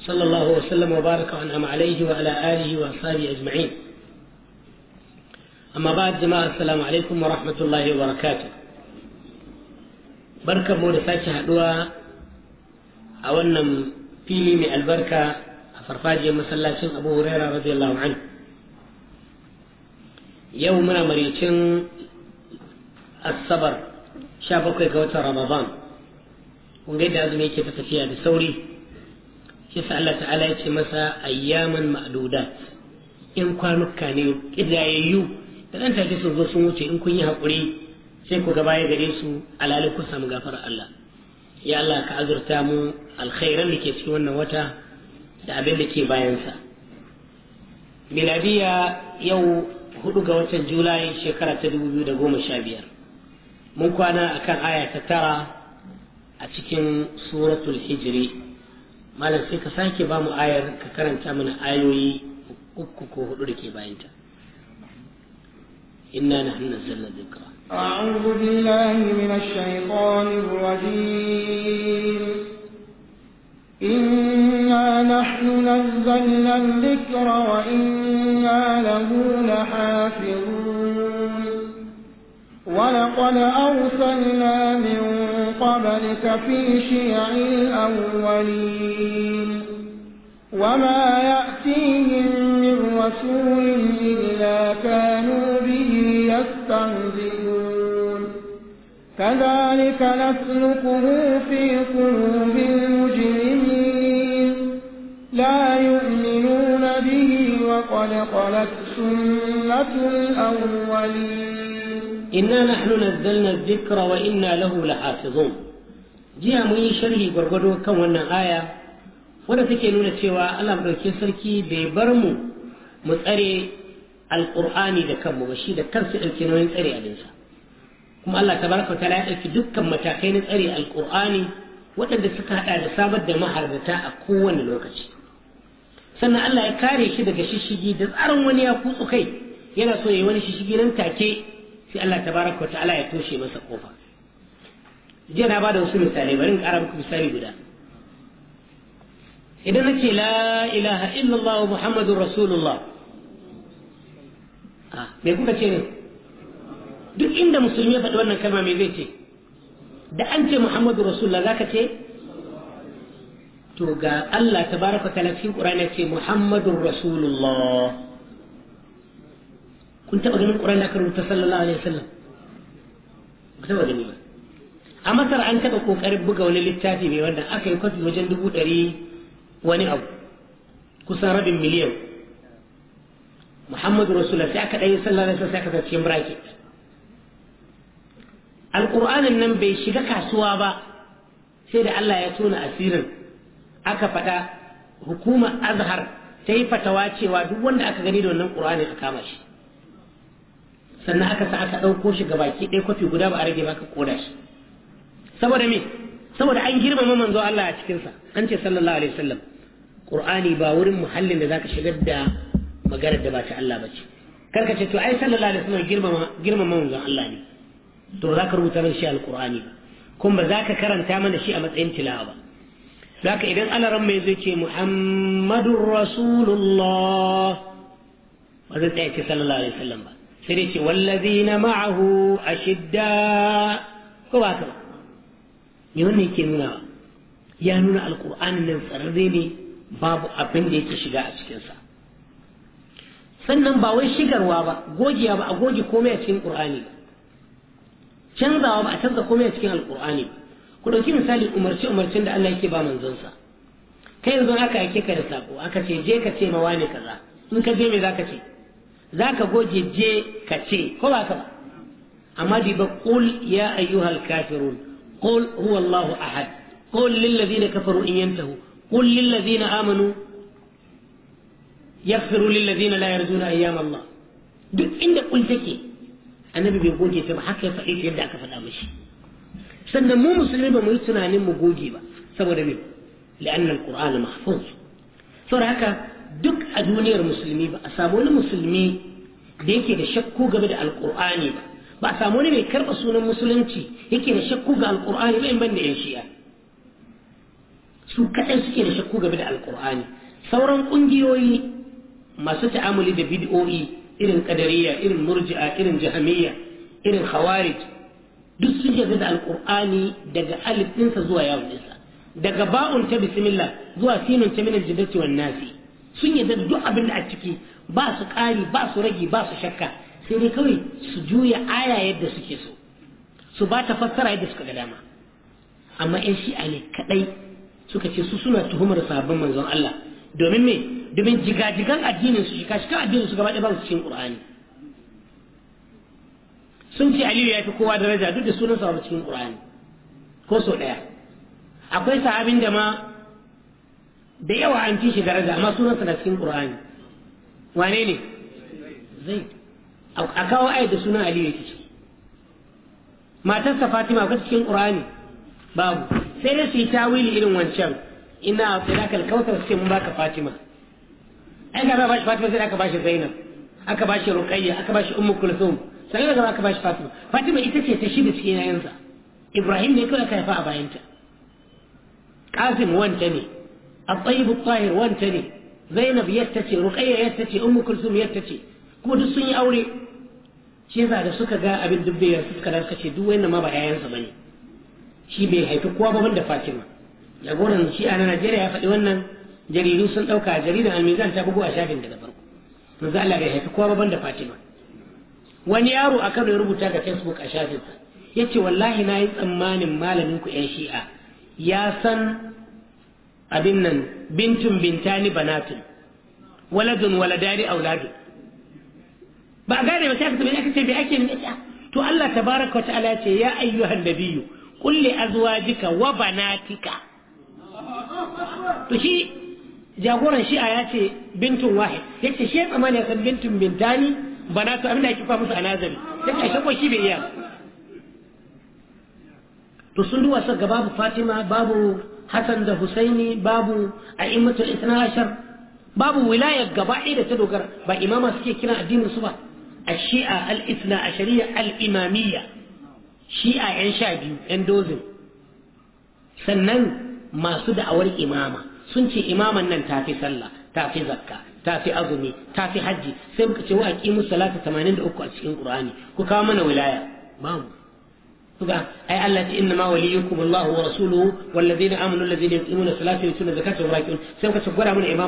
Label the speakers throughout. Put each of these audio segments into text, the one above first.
Speaker 1: صلى الله وسلم وبارك وأنعم عليه وعلى آله وأصحابه أجمعين أما بعد جماعة السلام عليكم ورحمة الله وبركاته بركة مودفاتي هدوى أولا فيلي من البركة أفرفاجي مسلاتين أبو هريرة رضي الله عنه يومنا مريتين الصبر شابك كوتا رمضان ونجد أزمي كيف تفيها بسوري shi sa Allah ta'ala ya ce masa ayyaman ma'dudat in kwanuka ne kidayayyu da ɗan take sun zo sun wuce in kun yi haƙuri sai ku gaba ya gare su alali ku samu gafarar Allah ya Allah ka azurta mu alkhairan da ke cikin wannan wata da abin da ke bayansa miladiya yau hudu ga watan julai shekara ta dubu biyu da goma sha biyar mun kwana akan aya ta tara a cikin suratul hijri malam sai ka sake ba mu ayar ka karanta mana ayoyi uku ko hudu da ke bayanta inna nahnu nazzalna
Speaker 2: dhikra أعوذ بالله من الشيطان الرجيم إنا نحن نزلنا الذكر وإنا له لحافظون ولقد أرسلنا من قبلك في شيع الأولين وما يأتيهم من رسول إلا كانوا به يستهزئون كذلك نسلكه في قلوب المجرمين لا يؤمنون به وقد خلت سنة الأولين inna nahnu
Speaker 1: nazzalna dhikra wa inna lahu lahafizun jiya mun yi sharhi gwargwado kan wannan aya wadda take nuna cewa Allah madaukakin sarki bai bar mu mu tsare alqur'ani da kanmu ba shi da kansa dauke nauyin tsare abinsa kuma Allah tabaraka ta'ala ya dauki dukkan matakai na tsare Alkur'ani waɗanda suka haɗa da sabar da maharata a kowane lokaci sannan Allah ya kare shi daga shishigi da tsarin wani ya kutsu kai yana so ya yi wani shishigi nan take sai Allah tabaraka ta'ala ya toshe masa kofa jiya na bada wasu misalai bari in ƙara muku misali guda idan ce la ilaha illallah rasulullah ah, me kuka ce ne duk inda musulmi ya faɗi wannan kalma me zai ce da an ce muhammadun rasulullah ce to ga Allah tabaraka wa ta'ala cikin ƙur'ani ya ce muhammadun rasulullah kun taɓa ganin ƙuran da aka rubuta sallallahu alaihi wasallam ba taɓa gani ba a masar an taɓa ƙoƙarin buga wani littafi mai wanda aka yi kwafi wajen dubu ɗari wani abu kusan rabin miliyan muhammadu rasulullah sai aka ɗanyi sallallahu alaihi wasallam sai aka sa cikin bracket alƙur'anin nan bai shiga kasuwa ba sai da Allah ya tona asirin aka faɗa hukumar azhar ta yi fatawa cewa duk wanda aka gani da wannan ƙur'ani a kama shi sannan aka sa aka ɗauko shi gabaki ɗaya kwafi guda ba a rage ba ka koda shi saboda me saboda an girmama manzo Allah a cikinsa an ce sallallahu alaihi wasallam qur'ani ba wurin muhallin da zaka shigar da maganar da ba ta Allah bace karka ce to ai sallallahu alaihi wasallam girmama girmama manzo Allah ne to zaka rubuta mana shi alqur'ani ba kuma ba zaka karanta mana shi a matsayin tilawa ba zaka idan Allah ran mai zai ce muhammadur rasulullah ba zai tsaya ce sallallahu alaihi wasallam ba sai ce wallazi na ma'ahu a shidda ko ba kama ne wannan ke nuna ya nuna alkur'anin nan tsararre ne babu abin da yake shiga a cikinsa sannan ba wai shigarwa ba gogewa ba a goge komai a cikin ƙur'ani canzawa ba a canza komai a cikin alkur'ani ku ɗauki misali umarci umarcin da Allah yake ba manzonsa kai yanzu aka yake ka da sako aka ce je ka ce ma wani kaza in ka je me za ka ce za ka goge je ka ce ko ba ka ba amma diba kul ya ayyuhal kafirun qul huwa allahu ahad qul lil ladina kafaru in yantahu qul lil ladina amanu yaghfiru lil ladina la yarjuna ayyam allah duk inda qul take annabi bai goge ta ba haka ya faɗi yadda aka faɗa mashi sannan mu musulmi ba mu yi tunanin mu goge ba saboda me la'anna alquran mahfuz saboda haka duk a duniyar musulmi ba a samu wani musulmi da yake da shakku game da alkur'ani ba ba a samu wani mai karɓa sunan musulunci yake da shakku ga alkur'ani ba in ban da yan shi'a su kaɗai suke da shakku game da alkur'ani sauran ƙungiyoyi masu ta'amuli da bid'o'i irin ƙadariya irin murji'a irin jahamiyya irin khawarij duk sun yarda da alkur'ani daga alif ɗinsa zuwa yawon daga ba'un ta bismillah zuwa sinun ta minal jidati wan nasi sun yarda da duk abin da a ciki ba su ƙari ba su rage ba su shakka sai dai kawai su juya aya yadda suke so su ba ta fassara yadda suka ga dama amma yan shi'a ne kaɗai suka ce su suna tuhumar sabbin manzon Allah domin me domin jigajigan addinin su shika shika addinin su gaba ɗaya ba su cikin Qur'ani sun ce Aliyu ya fi kowa daraja duk da sunan sa cikin Qur'ani ko so ɗaya akwai sahabin da ma da yawa an ci shi daraja amma sunansa na cikin qur'ani wane ne Zai a kawo ayat da sunan ali yake Matar matarsa fatima ka cikin qur'ani babu sai dai su yi tawili irin wancan ina tsiraka kautar suke mun baka fatima ai ga ba shi fatima sai aka ba shi zainab aka ba shi ruqayya aka ba shi ummu kulthum sai da aka ba shi fatima fatima ita ce ta shida cikin yayansa ibrahim ne kawai ka haifa a bayanta kasim wanta ne at-tayyib wanta ne zainab yatta ce ruqayya yatta ce ummu kulsum yatta ce kuma duk sun yi aure shi da suka ga abin dubbe suka da suka duk wannan ma ba yayansa bane shi bai haifi kowa ba banda fatima jagoran shi a najeriya ya faɗi wannan jaridu sun ɗauka jaridar almizan ta bugu a shafin daga farko manzo bai haifi kowa ba banda fatima wani yaro a kano ya rubuta ga facebook a shafinsa ya ce wallahi na yi tsammanin malamin ku 'yan shi'a ya san abin nan bintun bintani banatin waladun waladani auladun ba a gane ba sai aka aka ce bai ake ne to Allah tabaraka wa ta'ala ce ya ayyuhan nabiyyu qul li azwajika wa banatika to shi jagoran shi'a ya ce bintun wahid yace shi tsamani ya san bintun bintani banatu abin da yake fa musu a nazari yace shi ko shi bai iya to sun duwa sa ga babu Fatima babu hassan da husaini babu a imatul ashar babu wilaya gaba da ta dogara ba imama suke kira addinin su ba a shi'a al-isna ashariya al-imamiyya shi'a yan sha biyu yan dozin sannan masu da'awar imama sun ce imaman nan tafi sallah tafi zakka tafi azumi tafi hajji sai muka ce wa aqimus salata 83 a cikin qur'ani ku kawo mana wilaya babu تبقى أي التي إنما وليكم الله ورسوله والذين آمنوا الذين يقيمون الصلاة ويؤتون الزكاة وهم راكعون تقول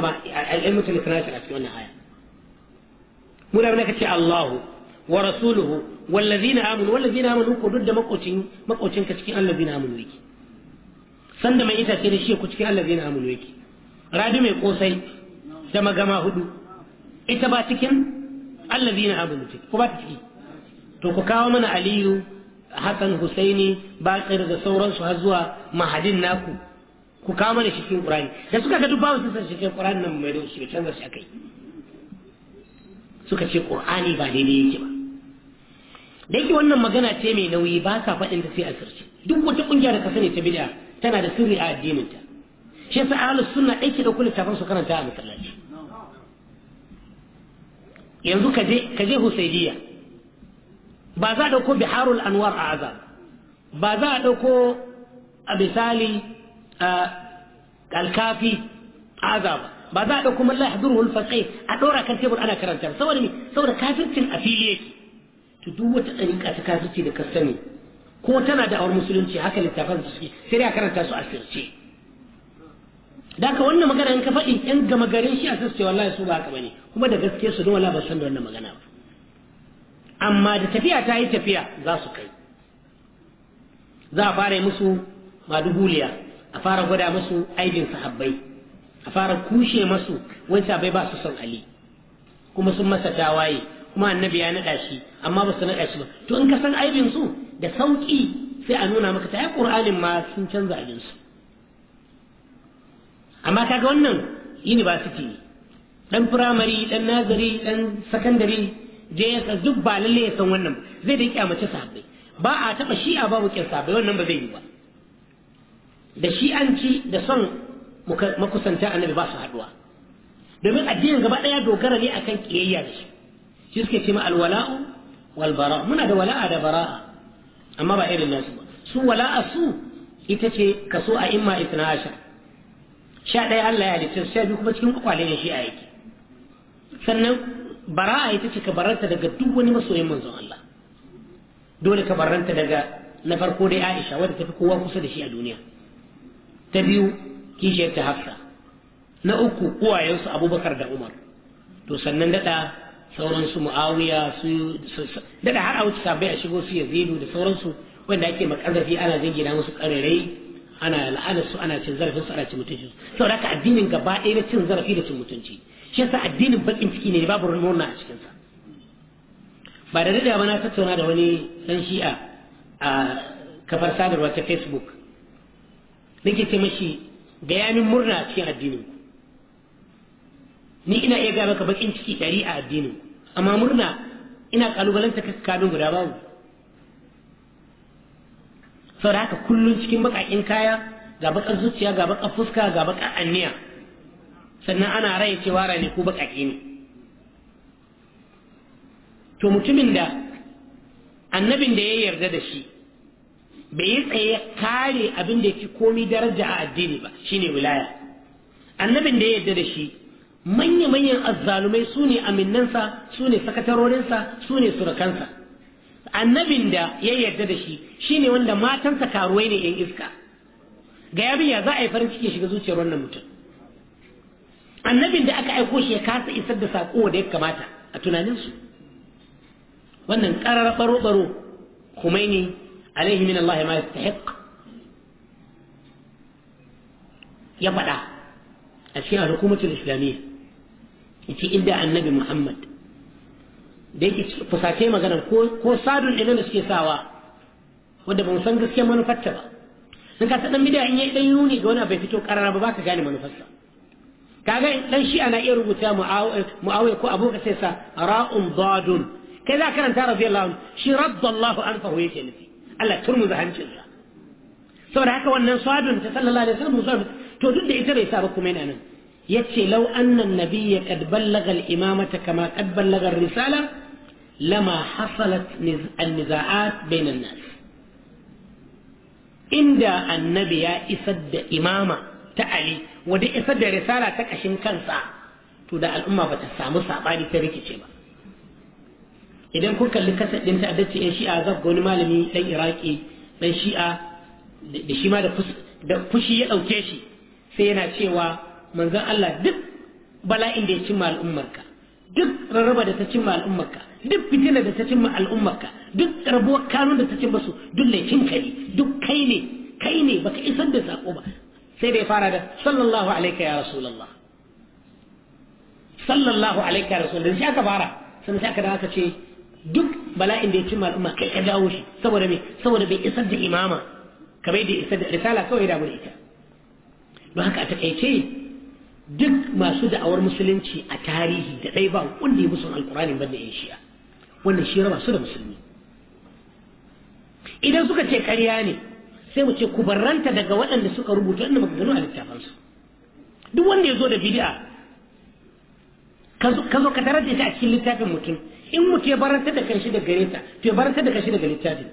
Speaker 1: من na kace Allahu wallazina amanu wallazina amanu ko duk da makocin ka da shi ku cikin allazina mai kosai da magama hudu ita ba cikin ko ba ciki to ku kawo mana aliyu hasan husaini bakir da sauransu har zuwa mahadin naku ku kama da cikin qur'ani da suka ga duk babu sun san cikin qur'ani nan mai da su canza shi akai suka ce qur'ani ba daidai yake ba da yake wannan magana ce mai nauyi ba ka faɗin ta sai a sirri duk wata kungiya da ka sani ta bid'a tana da sirri a addinin ta shi yasa ahlus sunna ɗauke da kullu tafan su karanta a masallaci yanzu ka je ka je ba za a ɗauko biharul anwar a azab ba za a ɗauko a misali alkafi a azab ba za a ɗauko man lahadur hulfaƙe a ɗora kan tebur ana karanta saboda saboda kafircin a fili yake to duk wata ɗariƙa ta kafirci da ka sani ko tana da awar musulunci haka littafan su suke sai a karanta su a sirce da ka wannan magana in ka faɗi yan gama garin shi a sirce wallahi su ba haka bane kuma da gaske su don wallahi ba san da wannan magana ba amma da tafiya ta yi tafiya za su kai za a fara musu maduguliya a fara gwada musu aibin sahabbai a fara kushe masu wani sahabbai ba su son ali kuma sun masa tawaye kuma annabi ya naɗa shi amma ba su naɗa shi ba to in ka san aibin su da sauƙi sai a nuna maka ta yi ƙur'anin ma sun canza abinsu. amma kaga wannan university ne ɗan firamare ɗan nazari ɗan sakandare je ya duk ba lalle ya san wannan zai da kyamace sahabbai ba a taba a babu kin sahabbai wannan ba zai yi ba da shi an ci da son makusanta annabi ba su haduwa domin addinin gaba daya dogara ne akan kiyayya da shi shi suke ce ma alwala'u wal muna da wala'a da bara'a amma ba irin nasu ba su wala'a su ita ce kaso a imma isna sha ɗaya Allah ya halitta sha biyu kuma cikin kwakwale ne shi a yake sannan bara'a ita ce ka baranta daga duk wani masoyin manzon Allah dole ka baranta daga na farko dai Aisha wadda tafi kowa kusa da shi a duniya ta biyu kishiyar ta Hafsa na uku uwayensu Abubakar da Umar to sannan dada sauransu Muawiya su dada har a wuce sabai a shigo su Yazidu da sauransu wanda ake makarrafi ana jingina musu karerai ana la'ana su ana cin zarafin su ana cin mutunci saboda haka addinin gaba ɗaya na cin zarafi da cin mutunci shi yasa addinin bakin ciki ne babu murna a cikinsa ba da daɗa ba na tattauna da wani dan shi'a a kafar sadarwa ta facebook nake ce mashi bayanin murna a cikin addinin ni ina iya ga maka bakin ciki ɗari a addinin amma murna ina kalubalanta ka kanun guda babu saboda haka kullum cikin baƙaƙen kaya ga baƙar zuciya ga baƙar fuska ga baƙar anniya sannan ana raya cewa ranaku baƙaƙe ne to mutumin da annabin da ya yarda da shi bai yi tsaye kare abin da ya ci komi daraja a addini ba shine wilaya annabin da ya yarda da shi manya-manyan azzalumai su ne aminansa su ne sakatarorinsa su ne surukansa annabin da ya yarda da shi shine wanda matansa karuwai ne yan iska ga yabiya za a yi farin ciki shiga zuciyar wannan mutum annabin da aka aiko shi ya kasa isar da saƙo da ya kamata a tunaninsu wannan ƙarar baro-baro Khomeini alaihi min Allah ma yastahiq ya faɗa a cikin hukumatul islamiyya yace inda annabi Muhammad da yake fusace magana ko sadun idan da suke sawa wanda ba mu san gaskiyar manufarta ba in ka ta dan bid'a in yi dan yuni ga wani bai fito karara ba baka gane manufarsa kaga dan shi ana iya rubuta muawiya ko abu sai sa ra'un dadun kai za karanta radiyallahu anhu shi raddallahu anfahu yake nufi Allah turmuza hancinsa saboda haka wannan sadun ta sallallahu alaihi wasallam musulmi to duk da ita bai sa ba kuma yana nan yace law anna an-nabiyya qad ballagha al-imamata kama qad ballagha ar-risala lama hasalat an-nizaa'at bainan nas inda annabi ya isar da imama ta ali wanda isar da risala ta kashin kansa to da al'umma ba ta samu saɓari ta rikice ba idan kun kalli kasar ɗin ta dace yan shi'a zab wani malami ɗan iraki ɗan shi'a da shi ma da fushi ya ɗauke shi sai yana cewa manzon Allah duk bala'in da ya cimma al'ummarka duk rarraba da ta cimma al'ummarka duk fitina da ta cimma al'ummarka duk rabuwar kanun da ta cimma su duk laifin kai. duk kai ne kai ne baka isar da sako ba sai da ya fara da sallallahu alaika ya rasulallah sallallahu alaika ya rasulullah sai aka fara sannan sai aka da ce duk bala'in da ya cimma al'umma kai ka dawo shi saboda me saboda bai isar da imama kamar da isar da risala kawai da bude ita don haka a takaice duk masu da'awar musulunci a tarihi da ɗai ba wanda ya musu alƙur'ani ban da yan shi'a wannan shi raba su da musulmi idan suka ce ƙarya ne sai mu ce ku barranta daga waɗanda suka rubuta inda maganganu a littafansu duk wanda ya zo da bidi'a ka zo ka tarar da ita a cikin littafin mutum in mu ce baranta da kanshi da gare to ya baranta da kanshi daga littafin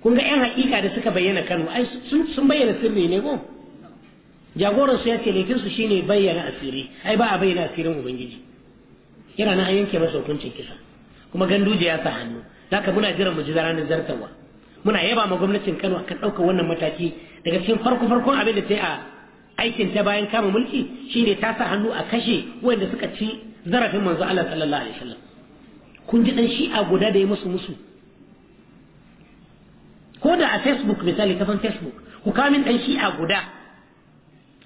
Speaker 1: kun ga yan haƙiƙa da suka bayyana Kano ai sun bayyana sirri ne ko jagoran su ya ce laifin su shine bayyana asiri ai ba a bayyana asirin ubangiji yana na an yanke masa hukuncin kisa kuma ganduje ya sa hannu zaka muna jiran mu ji ranar zartarwa muna yaba ma gwamnatin Kano akan ɗaukar wannan mataki daga cikin farko farkon abin da ta a aikin ta bayan kama mulki shine ta sa hannu a kashe wanda suka ci zarafin manzo Allah sallallahu alaihi wasallam kun ji dan shi'a guda da ya musu musu ko da a Facebook misali kafan Facebook hukamin dan shi'a guda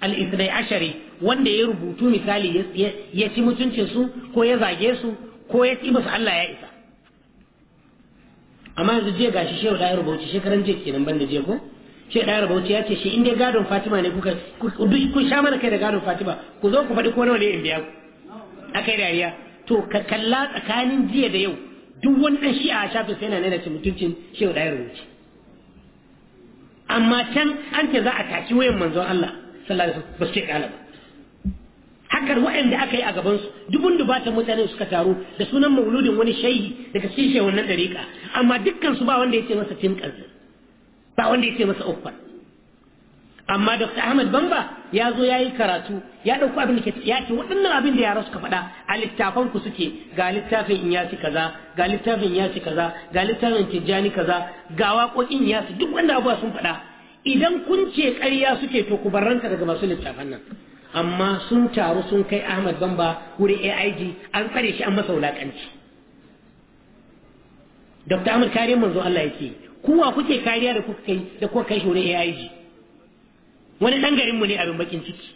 Speaker 1: al ashari wanda ya rubutu misali ya ci mutuncin su ko ya zage su ko ya ci musu Allah ya isa amma yanzu jiya gashi shehu da ayar bauchi shekaran jiya kenan banda jiya ko shehu da ayar bauchi ya ce shi in dai gadon fatima ne kuka kun sha mana kai da gadon fatima ku zo ku faɗi ko nawa ne in biya ku akai dariya to ka kalla tsakanin jiya da yau duk wani ɗan shi'a a shafin sai na nuna ce mutuncin shehu da ayar bauchi amma can an ce za a taki wayan manzon Allah sallallahu alaihi wasallam ba su ce ƙala ba hakar waɗanda aka yi a gabansu dubun dubatan mutane suka taru da sunan mauludin wani shayi, daga cikin wannan dariƙa amma dukkan su ba wanda ya ce masa kanzu ba wanda ya ce masa uffar amma dr ahmad bamba ya zo ya yi karatu ya ɗauko abin da ke ya ce waɗannan abin da yara suka faɗa a littafan ku suke ga littafin in yasi kaza ga littafin ya yasi kaza ga littafin tijjani kaza ga waƙoƙin yasi duk wanda abuwa sun faɗa idan kun ce ƙarya suke to ku barranta daga masu littafan nan amma sun taru sun kai ahmad bamba wuri aig an tsare shi an masa wulakanci dr ahmad kariyar manzo allah yake kuwa kuke kariya da kuka kai da kuka kai shi wurin aig wani dan garinmu ne abin bakin ciki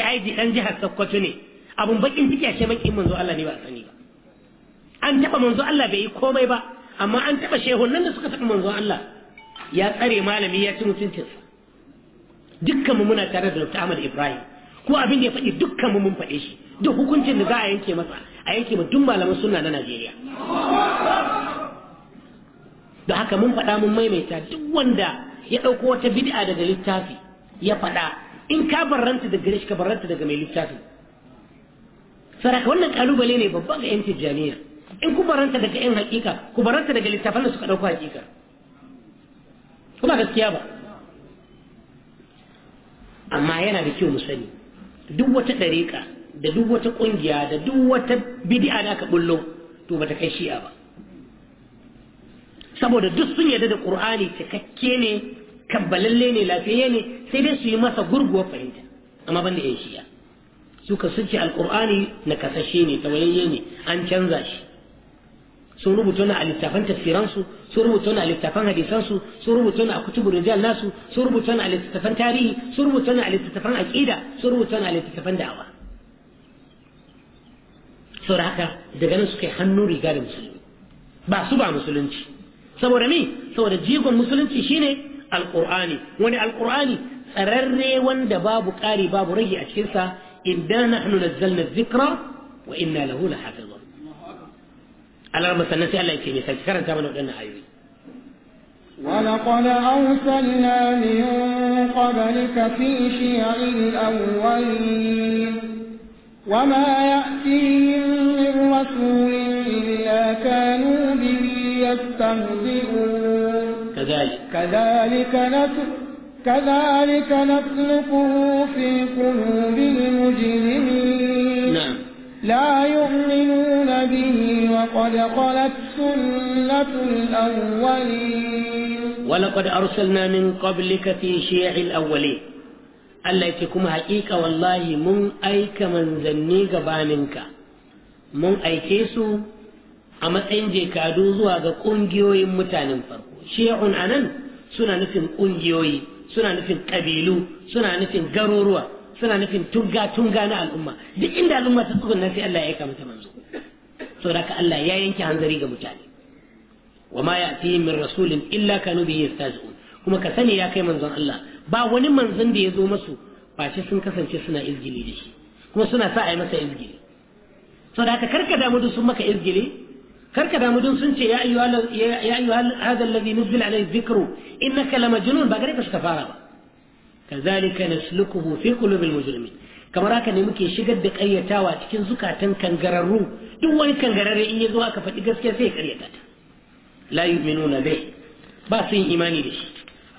Speaker 1: aig dan jihar sokoto ne abin bakin ciki a ce bakin manzo allah ne ba a sani ba an taba manzo allah bai yi komai ba amma an taba shehun nan da suka taɓa manzo allah ya tsare malami ya ci mutuncinsa dukkan mu muna tare da Dr. Ahmad Ibrahim ko abin da ya faɗi dukkan mu mun faɗe shi duk hukuncin da za a yanke masa a yanke ma duk malaman sunna na Najeriya da haka mun faɗa mun maimaita duk wanda ya ɗauko wata bid'a daga littafi ya faɗa in ka barranta daga gare shi ka barranta daga mai littafi saraka wannan kalubale ne babba ga yan tijjaniya in ku barranta daga yan hakika ku barranta daga littafan da suka ɗauko hakika kuma gaskiya ba amma yana da kyau mu sani duk wata ɗariƙa da duk wata ƙungiya da duk wata bidi'a da aka bullo to bata kai shi'a ba saboda duk sun yarda da ƙur'ani cikakke ne kabbalalle ne lafiyayye ne sai dai su yi masa gurguwar fahimta amma ban da yan shi'a su ka suke alƙur'ani na kasashe ne tawayayye ne an canza shi sun rubuta wani a littafan tafsiransu sun rubuta wani a littafan hadisansu sun rubuta wani a kutubur rijal nasu sun rubuta wani a littattafan tarihi sun rubuta wani a littattafan aqida sun rubuta wani a littattafan da'awa saboda haka daga nan suka yi hannu riga da musulmi ba su ba musulunci saboda me saboda jigon musulunci shine alqur'ani wani alqur'ani tsararre wanda babu ƙari babu rage a cikinsa inda nahnu nazzalna dhikra wa inna lahu lahafizun على sannan sai Allah ya ce mai sarki karanta mana waɗannan
Speaker 2: ولقد أرسلنا من قبلك في شيع الأولين وما يأتيهم من رسول إلا كانوا به يستهزئون كذلك كذلك نسلك كذلك نسلكه في قلوب المجرمين نعم لا يؤمنون به وقد خلت سنة الأولين ولقد
Speaker 1: أرسلنا من قبلك في شيع الأولين التي تكون حقيقة والله من أيك من زني قبانك من أيكيسو أما أنجي كادوزو هذا كونجيوي متان فرقو شيع أنا سنة نسم كونجيوي سنة نسم كبيلو سنة نسم قرورو suna nufin tunga tunga na al'umma duk inda al'umma ta tsugunna sai Allah ya aika mata manzo da ka Allah ya yanke hanzari ga mutane wa ma ya'tihim min rasulin illa kanu bihi yastahzi'un kuma ka sani ya kai manzon Allah ba wani manzon da ya zo masu face sun kasance suna izgili da shi kuma suna sa a yi masa izgili saboda haka karka damu dun sun maka izgili karka damu dun sun ce ya ayyuhal hadha alladhi nuzila alayhi dhikru innaka lamajnun ba gare ka suka fara ba kazalika naslukuhu fi qulubil mujrimin kamar haka ne muke shigar da karyatawa cikin zukatan kangararru duk wani kangararre in ya zo aka faɗi gaskiya sai ya karyata ta la yu'minuna bih ba su yin imani da shi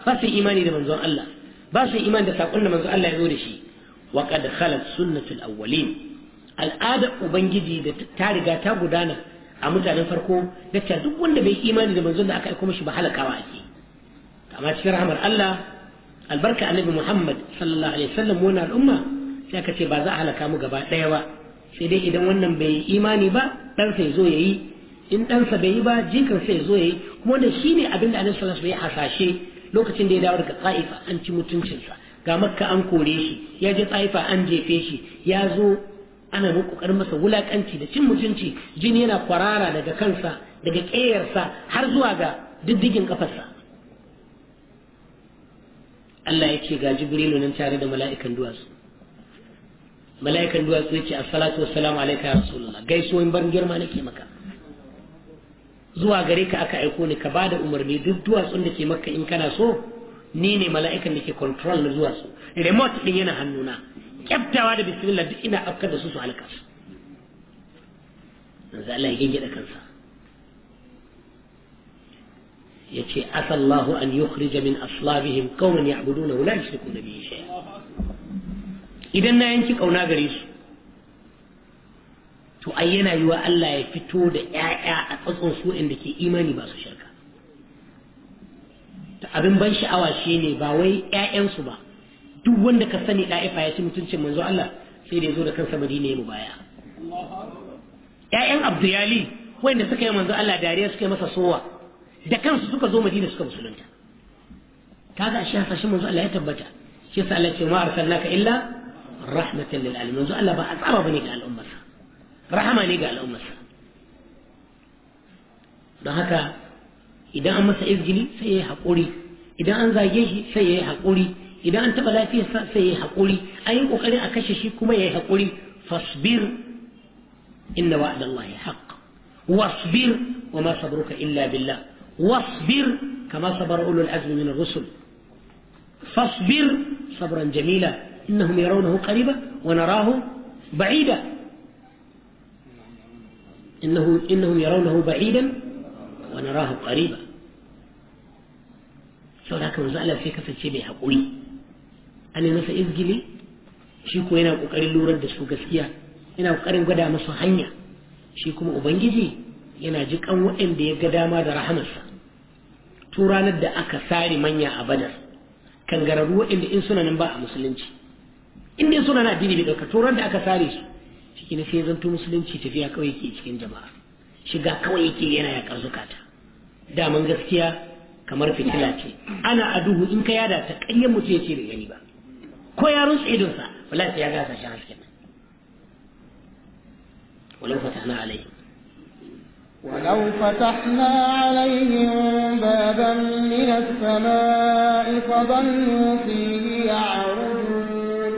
Speaker 1: ba su yin imani da manzon Allah ba su yin imani da saƙon da manzon Allah ya zo da shi wa qad khalat sunnatul awwalin al'ada ubangiji da ta riga ta gudana a mutanen farko da ta duk wanda bai imani da manzon da aka aika mishi ba halakawa ake amma cikin rahmar Allah albarka annabi muhammad sallallahu alaihi wasallam mu na al'umma sai aka ce ba za a halaka mu gaba ɗaya ba sai dai idan wannan bai yi imani ba ɗansa ya zo ya yi in ɗansa bai yi ba jikan sai ya zo ya yi kuma shi ne abin da annabi sallallahu alaihi wasallam ya hasashe lokacin da ya dawo daga ta'ifa an ci mutuncinsa ga makka an kore shi ya je tsaifa an jefe shi ya zo ana kokarin masa wulakanci da cin mutunci jini yana kwarara daga kansa daga ƙeyarsa har zuwa ga diddigin kafarsa Allah ya ce ga jibrilu nan tare da mala'ikan duwatsu mala'ikan duwatsu ya ce assalatu wassalamu alaika ya rasulullah gaisuwan barin girma nake maka zuwa gare ka aka aiko ni ka ba da umarni duk duwatsun da ke maka in kana so ni ne mala'ikan da ke control na duwatsu remote din yana hannuna kyaftawa da bismillah duk ina afkar da su su halaka su Allah ya da kansa yace asallahu an yukhrija min aslabihim qauman ya'buduna wa la yushrikuna bihi shay'a idan na yanki kauna gare su to ai yana yiwa Allah ya fito da ƴaƴa a tsatson su inda ke imani ba su shirka ta abin ban sha'awa shi ne ba wai ƴaƴansu ba duk wanda ka sani ɗa'ifa ya ci mutuncin manzo Allah sai da ya zo da kansa Madina ya mubaya ƴaƴan Abduyali wanda suka yi manzo Allah dariya suka yi masa sowa da kansu suka zo madina suka musulunta kaga shi hasashen manzo Allah ya tabbata shi sa Allah ce ma arsalnaka illa rahmatan lil alamin manzo Allah ba azaba bane ga al'ummarsa rahama ne ga al'ummarsa don haka idan an masa izgili sai yayi haƙuri idan an zage shi sai yayi haƙuri idan an taba lafiyarsa sai yai hakuri an yi ƙoƙari a kashe shi kuma yayi hakuri fasbir inna wa'dallahi haqq wasbir wa ma sabruka illa billah واصبر كما صبر أولو العزم من الرسل فاصبر صبرا جميلا إنهم يرونه قريبا ونراه بعيدا إنه إنهم يرونه بعيدا ونراه قريبا فلاك مزالة فيك فتشبه حقوي أنا نسا إذجلي شيكو هنا أقرر لورد سفو قسيا هنا أقرر قدام صحيا شيكو ما yana jikan waɗanda ya ga dama da rahamarsa tun ranar da aka sare manya a badar gararru waɗanda in suna nan ba a musulunci in dai suna na addini bai ɗauka turan da aka sare su shi ne sai zanto musulunci tafiya kawai yake cikin jama'a shiga kawai yake yana yaƙar zukata daman gaskiya kamar fitila ce ana a in ka yada ta ƙaryar mutum ya ce bai gani ba ko yaron tsaidonsa wala sai ya gasa shi hasken
Speaker 2: ولو فتحنا عليهم بابا من السماء فظلوا فيه يعرجون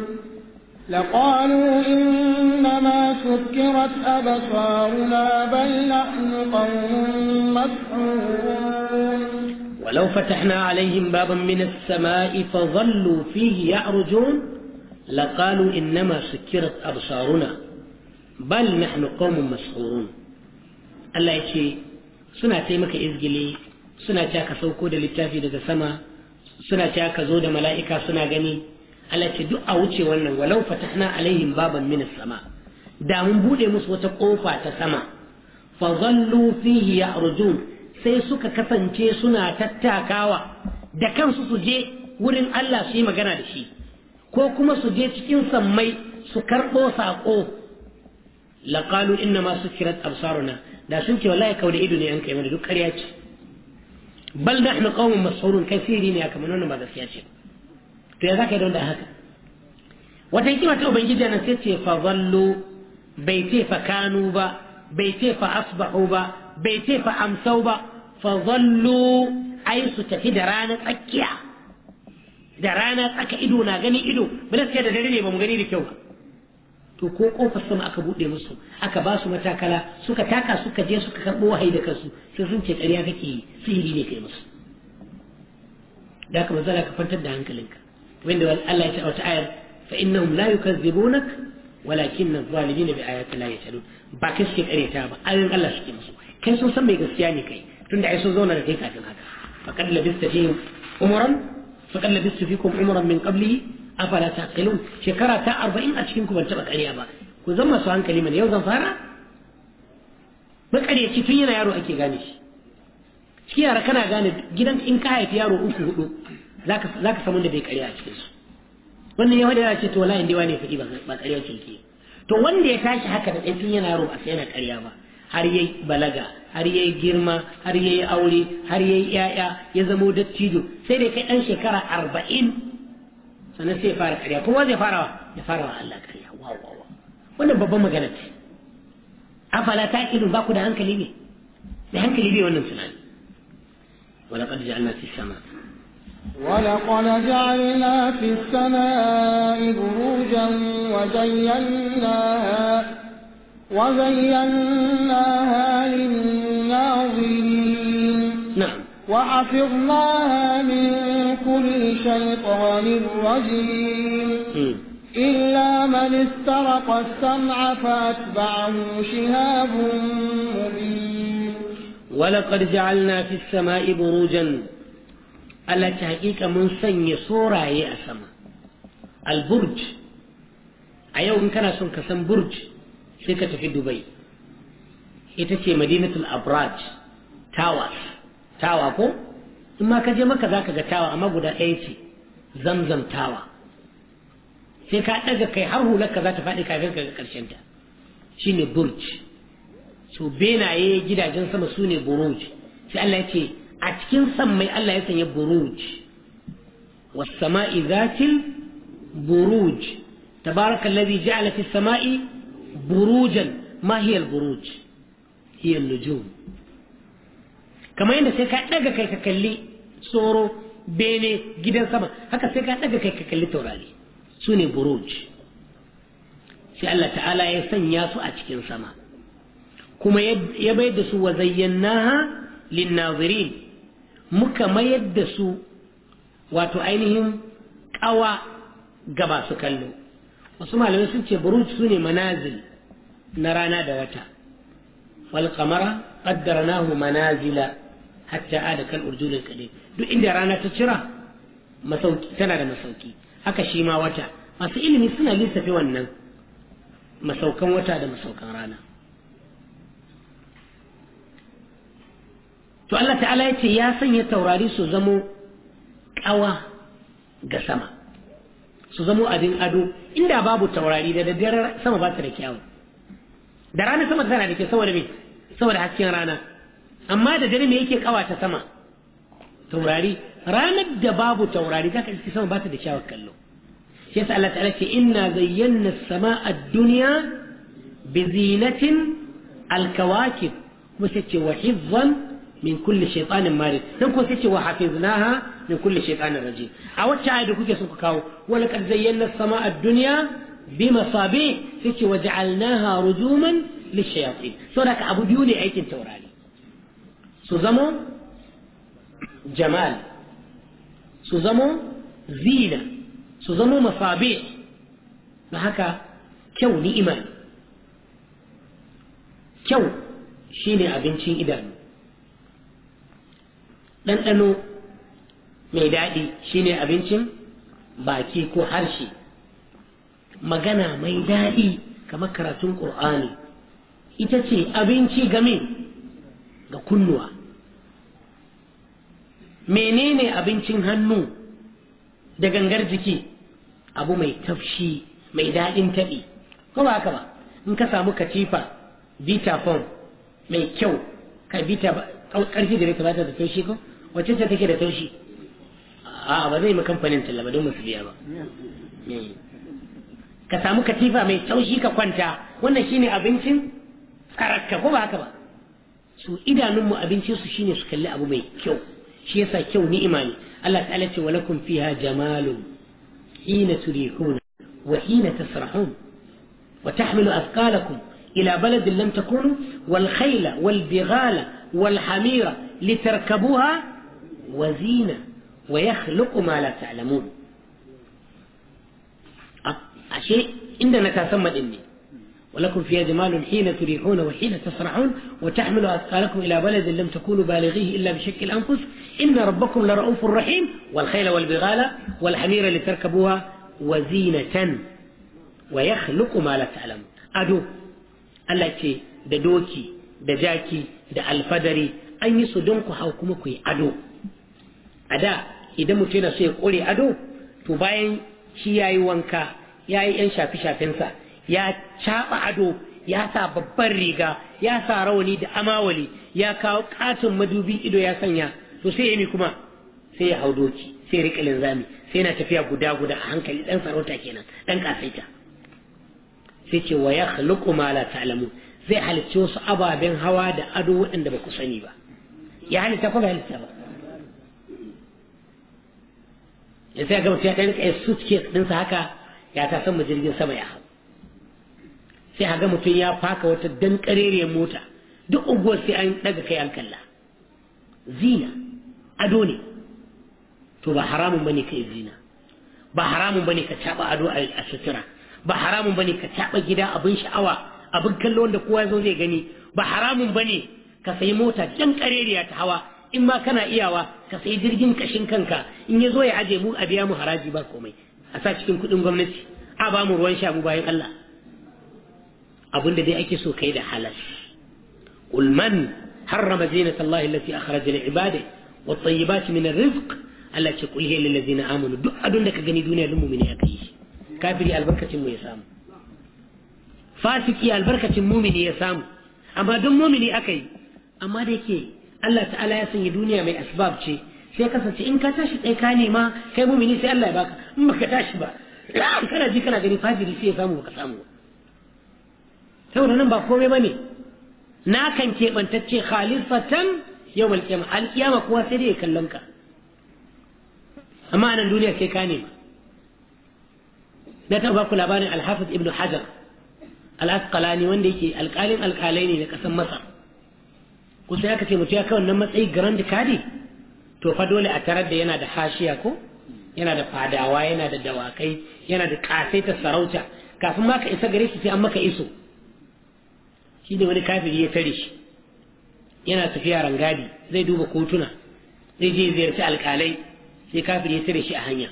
Speaker 2: لقالوا إنما سكرت أبصارنا بل نحن قوم مسحورون
Speaker 1: ولو فتحنا عليهم بابا من السماء فظلوا فيه يعرجون لقالوا إنما سكرت أبصارنا بل نحن قوم مسحورون Allah ya ce suna taimaka izgili suna ce ka sauko da littafi daga sama suna ce ka zo da mala'ika suna gani Allah ce duk a wuce wannan walau fatahna alaihim baban minas sama da mun bude musu wata kofa ta sama fa zallu fihi ya'rujun sai suka kasance suna tattakawa da kansu su je wurin Allah su yi magana da shi ko kuma su je cikin sammai su karɓo saƙo laqalu inna ma sukirat absaruna da sun ce wallahi kaure ido ne an kai mana duk ƙarya ce bal nahnu qaumun mas'urun kai sirri ne kamar wannan ba gaskiya ce to ya zaka yi don da haka wata hikima ta ubangiji nan sai ce fa zallu bai ce fa kanu ba bai ce fa asbahu ba bai ce fa amsau ba fa zallu ai su tafi da rana tsakiya da rana tsaka ido na gani ido ba da da dare ne ba mu gani da kyau to ko kofar sama aka buɗe musu aka ba su matakala suka taka suka je suka karɓo wahayi da kansu sai sun ce ƙarya kake yi sihiri ne kai musu da ka manzala ka fantar da hankalinka wanda Allah ya ce a wata ayar fa innahum la yukazzibunak walakin adh-dhalimin bi ayati la yashadun ba kai suke ƙareta ba ayoyin Allah suke musu kai sun san mai gaskiya ne kai tunda ai sun zauna da kai kafin haka faqad labista fihim umran faqad labista fikum umran min qablihi afala taqilun shekara ta arba'in a cikin ku ban taɓa ƙarya ba ku zan masu hankali mana yau zan fara Maƙaryaci tun yana yaro ake gane shi shi yara kana gane gidan in ka haifi yaro uku hudu za ka samu da bai ƙarya a cikin su wannan yawa da ya ce to wala inda wani fadi ba ƙarya ce ke to wanda ya tashi haka da ɗan tun yana yaro ba sai yana ƙarya ba har yayi balaga har yayi girma har yayi aure har yayi yaya ya zamo dattijo sai dai kai dan shekara arba'in سلسي فارق كريا كل واحد يفارق يفارق الله كريا واو واو ولا بابا ما قالت أفلا تأكلوا باكو ده هنك ليبي ده هنك ليبي ونن سنان ولقد جعلنا في السماء
Speaker 2: ولقد جعلنا في السماء بروجا وزيناها وزيناها للناظرين وحفظناها من كل شيطان رجيم إلا من استرق السمع فأتبعه شهاب مبين
Speaker 1: ولقد جعلنا في السماء بروجا ألا حقيقة من سني صورة هي السماء البرج أيوة إن كان سن برج شركة في دبي هي تتي مدينة الأبراج تاوس tawa ko in ma ka je maka za ka ga tawa amma guda ɗaya ce zamzam tawa sai ka ɗaga kai har hularka za ta faɗi kafin ka ga ƙarshen ta shine burj so benaye gidajen sama su ne buruj sai Allah ya ce a cikin san mai Allah ya sanya buruj wasama'i zatil buruj tabaraka allazi ja'ala fis sama'i burujan ma hiya al buruj hiya al nujum kamar yadda sai ka ɗaga kai ka kalli tsoro bene gidan sama haka sai ka ɗaga kai ka kalli taurari su ne buruj sai Allah ta'ala ya sanya su a cikin sama kuma ya bai da su wa zayyannaha linnazirin muka mayar da su wato ainihin ƙawa ga masu kallo wasu malamai sun ce buruj su ne manazil na rana da wata wal qamara qaddarnahu manazila hatta ada kal urjul al-qadim duk inda rana ta cira masauki tana da masauki haka shi ma wata masu ilimi suna lissafi wannan masaukan wata da masaukan rana to Allah ta'ala ya ce ya sanya taurari su zamo kawa ga sama su zamo abin ado inda babu taurari da daddare sama ba ta da kyawu da rana sama tana da kyau saboda me saboda hasken rana amma da dare me yake kawata sama taurari ranar da babu taurari zaka ji sama ba ta da shawar kallo shi yasa Allah ta'ala ce inna zayyana as-sama'a ad-dunya bi zinatin al-kawakib kuma sai ce wa hifzan min kulli shaytanin marid dan ko sai ce wa hafiznaha min kulli shaytanin rajim a wacce ayi da kuke son ku kawo wala kad zayyana as-sama'a ad-dunya bi masabi sai ce wa ja'alnaha rujuman lish-shayatin saboda abu biyu ne aikin taurari su zamo jamal su zamo zina su zamo mafabe na haka kyau ni'ima kyau shine abincin idanu ɗanɗano mai daɗi shine abincin baki ko harshe magana mai daɗi kamar karatun ƙur'ani ita ce abinci game ga kunnuwa menene abincin hannu da gangar jiki abu mai tafshi mai daɗin taɓi ko ba haka ba in ka samu katifa bita form mai kyau ka bita ƙarfi da ba ta da taushi ko wacce ta take da taushi a ba zai kamfanin talla ba don musu biya
Speaker 3: ba eh.
Speaker 1: ka samu katifa mai taushi ka kwanta wannan shine abincin tsararka ko ba haka ba su idanunmu abincinsu shine su kalli abu mai kyau شيء يسا كيو نئماني الله تعالى ولكم فيها جمال حين تريحون وحين تسرحون وتحمل أثقالكم إلى بلد لم تكونوا والخيل والبغال والحمير لتركبوها وزينة ويخلق ما لا تعلمون شيء عندنا تسمى الإنجيل ولكم في جمال مال حين تريحون وحين تسرحون وتحملوا أثقالكم إلى بلد لم تكونوا بالغيه إلا بشك الأنفس إن ربكم لرؤوف رحيم والخيل والبغال والحمير لتركبوها وزينة ويخلق ما لا تعلمون أدو التي ددوكي دجاكي دا الفدري da alfadari an yi su ادو ادا اذا متينا ku yi ado a da idan mutum yana so ya ya caɓa ado ya sa babban riga ya sa rawani da amawali ya kawo katin madubi ido ya sanya to sai ya yi kuma sai ya hau doki sai ya riƙa linzami sai yana tafiya guda guda a hankali dan sarauta kenan dan kasaita sai ce wa ya ma la ta'lamu zai halicci wasu ababen hawa da ado waɗanda ba ku sani ba ya halitta ko ba halitta ba ya sai ya ɗan kai suitcase ɗinsa haka ya ta san mu jirgin sama ya hau sai a ga mutum ya faka wata dan mota duk unguwar sai an daga kai an kalla zina ado ne to ba haramun bane ka yi zina ba haramun bane ka caba ado a sutura ba haramun bane ka taba gida abin sha'awa abin kallo wanda kowa ya zo zai gani ba haramun bane ka sayi mota dan kareriya ta hawa in ma kana iyawa ka sayi jirgin kashin kanka in ya zo ya ajiye mu a biya mu haraji ba komai a sa cikin kuɗin gwamnati a ba mu ruwan sha mu bayan Allah abin da dai ake so kai da halas qul man harrama zinata allahi allati akhraja li ibadihi wat tayyibati min arrizq Allah ce qul hiya lil ladzina amanu duk abin da ka gani duniya dun mu'mini ya kai albarkacin mu ya samu fasiki albarkacin mumini ya samu amma don mumini amma da Allah ta'ala ya sanya duniya mai asbab ce sai kasance in ka tashi tsaye ka nema kai mumini sai Allah ya baka in baka tashi ba kana ji kana gani fajiri sai ya samu baka samu ba saboda nan ba komai bane na kan keɓantacce khalifatan yau alƙiyama alƙiyama kuwa sai dai ya kallon ka amma anan nan duniya sai ka nema na taɓa baku labarin alhafiz ibnu hajar al-asqalani wanda yake alƙalin alƙalai ne na ƙasar masar kusa ya kace mutu ya kai wannan matsayi grand kadi to fa dole a tarar da yana da hashiya ko yana da fadawa yana da dawakai yana da ƙasaita sarauta kafin ma ka isa gare shi sai an maka iso shi ne wani kafiri ya tare shi yana tafiya rangadi zai duba kotuna zai je ziyarci alkalai sai kafiri ya tare shi a hanya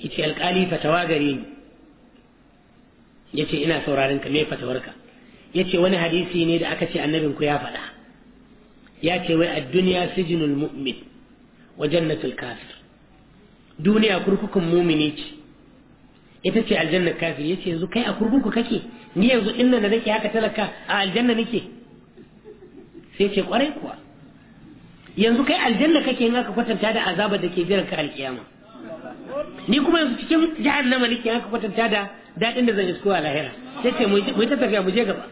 Speaker 1: ya ce alkali fatawa gare ni ya ce ina sauraron ka me fatawarka ya ce wani hadisi ne da aka ce annabin ku ya faɗa ya ce wai a duniya sijinul mu'min wa jannatul kafir duniya kurkukun mumini ce ita ce aljannar kafir ya ce yanzu kai a kurkuku kake ni yanzu inda da nake haka talaka a aljanna nake sai ce kwarai kuwa yanzu kai aljanna kake yin haka kwatanta da azabar da ke jiran ka alkiyama ni kuma yanzu cikin jahannama nake haka kwatanta da daɗin da zan isko a lahira sai ce mu yi ta tafiya mu je gaba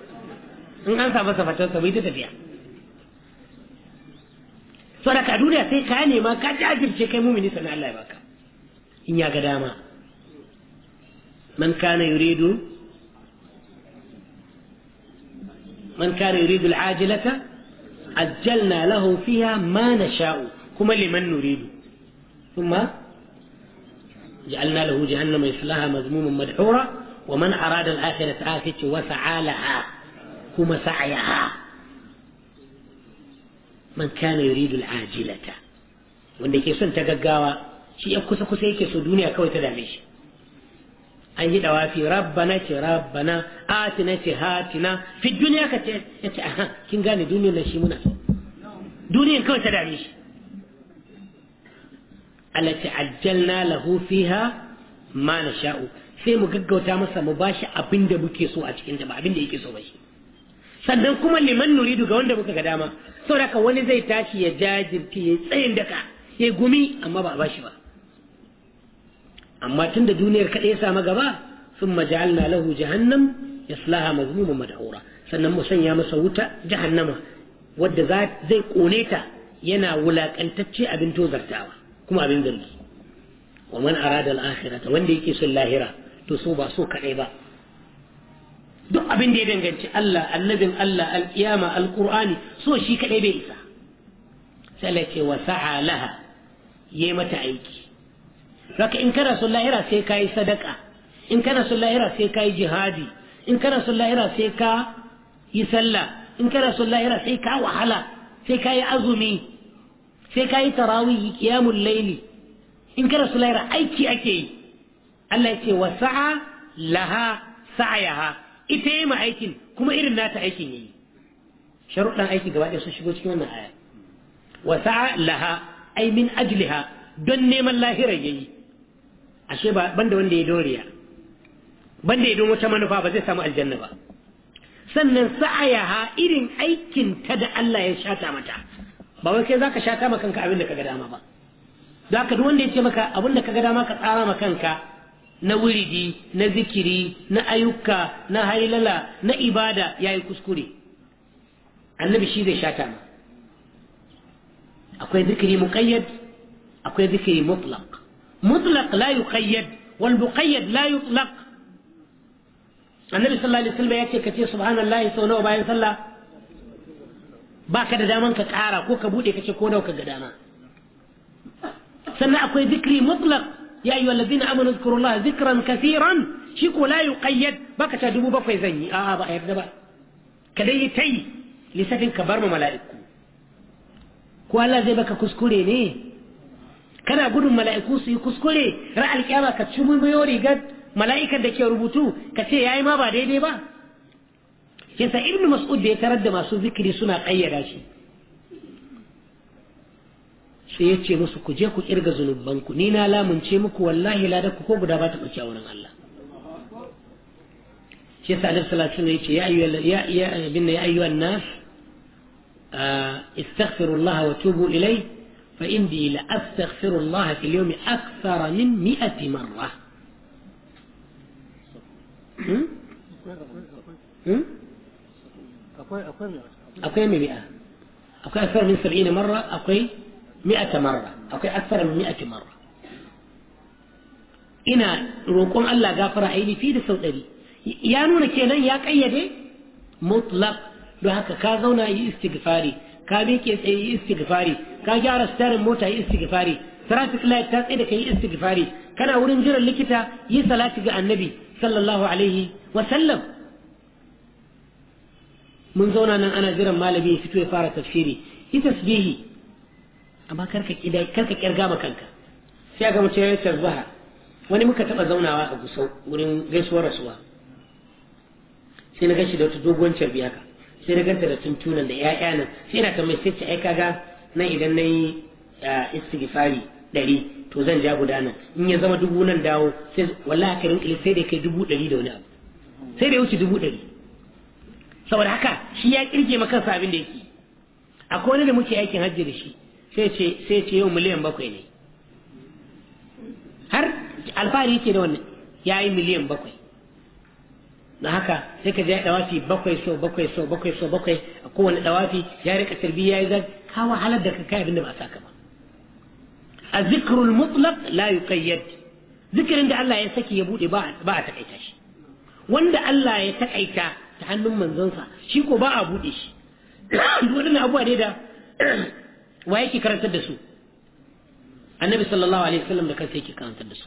Speaker 1: in an samu sa mu yi ta tafiya saboda ka duniya sai ka nema ka jajirce kai mumini sana Allah ya baka in ya ga dama man kana yuridu من كان يريد العاجلة عجلنا له فيها ما نشاء كما لمن نريد ثم جعلنا له جهنم يصلاها مذموما مدحورا ومن أراد الآخرة آخرة وسعى لها كما سعيها من كان يريد العاجلة وإن ke تقاوى شيء يكسو كسو ya kusa kusa an yi dawafi rabbana ce rabbana atina ce hatina fi duniya ka ce ya ce aha kin gane duniyar na shi muna so duniyar kawai ta dame shi allati ajjalna lahu fiha ma sha'u sai mu gaggauta masa mu ba shi abin da muke so a cikin da ba abin da yake so ba shi sannan kuma liman nuridu ga wanda muka ga dama saboda wani zai tashi ya jajirce ya tsayin daka ya gumi amma ba a ba shi ba amma tun da duniyar kaɗai ya samu gaba sun maja'alna lahu jahannam ya slaha mazmuman madahura sannan mu sanya masa wuta jahannama wadda zai kone ta yana wulaƙantacce abin tozartawa kuma abin zargi wa man arada al-akhirata wanda yake son lahira to so ba so kaɗai ba duk abin da ya danganci Allah annabin Allah al-qiyama al-qur'ani so shi kaɗai bai isa sai Allah ce wa sa'a laha yayi mata aiki saka in kana son lahira sai ka yi sadaka in kana son lahira sai ka yi jihadi in kana son lahira sai ka yi sallah in kana son lahira sai ka wahala sai ka yi azumi sai ka yi tarawihi qiyamul layli in kana son lahira aiki ake yi Allah ya ce wa sa'a laha sa'ayaha ita yi ma aikin kuma irin nata aikin yayi sharuɗan aiki gaba ɗaya sun shigo cikin wannan aya wa sa'a laha ay min ajliha don neman lahira yayi ashe ba banda wanda ya doriya banda ya don wata manufa ba zai samu aljanna ba sannan sa'ayaha irin aikin ta da Allah ya shata mata ba wai kai zaka shata ma kanka abin da kaga dama ba zaka duk wanda ya ce maka abin da kaga dama ka tsara ma kanka na wuridi na zikiri na ayyuka na hailala na ibada yayi kuskure annabi shi zai shata ma akwai zikiri muqayyad akwai zikiri mutlaq مطلق لا يقيد والمقيد لا يطلق النبي صلى الله عليه وسلم يكي كثير سبحان الله سونا وبعين صلى باكد دامان كتعارا كوكا بودي كتكونا وكا سنة أكوي ذكري مطلق يا أيها الذين أمنوا اذكروا الله ذكرا كثيرا شكو لا يقيد باكا تدبو باكا يزني آه آه بقى يبدأ بقى كدي تي لسكن كبرم ملائكو كوالا زي بكا كسكوري نيه kana gudun mala'iku su yi kuskure ra'al kiyama ka ci mulmiyo rigar mala'ikan da ke rubutu ka ce yayi ma ba daidai ba yasa ibnu mas'ud da ya tarar da masu zikiri suna ƙayyada shi sai ya ce musu ku je ku kirga zunubanku ni na lamunce muku wallahi lada ku ko guda ba ta ɓace a wurin Allah shi yasa alif salatu ya ce ya ayyuhan nas استغفروا الله وتوبوا إليه فإني لأستغفر الله في اليوم أكثر من مئة مرة أقوي مئة أقوي أكثر من سبعين مرة أقوي مئة مرة أقوي أكثر من مئة مرة إنا roƙon الله غافر عيني في دسو da يانون ɗari ياك أيدي مطلق ya ƙayyade يستغفاري ka miƙe tsaye yi istighfari ka gyara starin mota yi istighfari traffic light ta tsaye da kai yi istighfari kana wurin jiran likita yi salati ga annabi sallallahu alaihi wa sallam mun zauna nan ana jiran malami ya fito ya fara tafsiri yi tasbihi amma karka kida karka kirga ma kanka sai ga mutum ya tarbaha wani muka taba zaunawa a gusau wurin gaisuwar rasuwa sai na gashi da wata doguwar carbi sai na ganta da tuntunan da ƴaƴa nan sai na kamar sai ce ai kaga nan idan na yi istighfari ɗari to zan ja guda nan in ya zama dubu nan dawo sai wallahi ka rinƙi sai da kai dubu ɗari da wani abu sai da ya wuce dubu ɗari saboda haka shi ya kirge maka abin da yake akwai wani da muke aikin hajji da shi sai ce sai ce yau miliyan bakwai ne har alfahari yake da wannan ya yi miliyan bakwai na haka sai ka je dawafi bakwai so bakwai so bakwai so bakwai a kowane dawafi ya rika tarbi ya zan ka wahalar da ka kai abin da ba saka ba a mutlaq la yuqayyad zikrin da Allah ya saki ya bude ba a takaita shi wanda Allah ya takaita ta hannun manzon sa shi ko ba a bude shi wannan abuwa ne da wa yake karanta da su annabi sallallahu alaihi wasallam da kansa yake karanta da su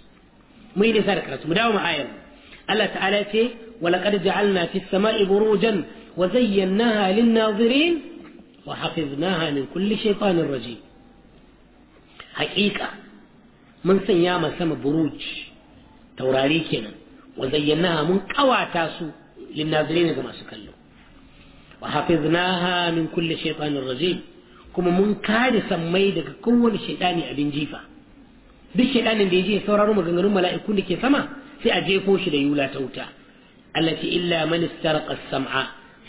Speaker 1: mu yi nisa da karatu mu dawo mu ayar ألا تعالى ولقد جعلنا في السماء بروجا وزيناها للناظرين وحفظناها من كل شيطان رجيم حقيقة من سنياما سما بروج توراريكنا وزيناها من قوى تاسو للناظرين كما سكلوا وحفظناها من كل شيطان رجيم كما من kare sammai daga kowane أبن جيفا jifa duk shaidanin da ya je sauraro لكي سما sai a jefo shi da yula ta wuta allati illa man istaraqa sam'a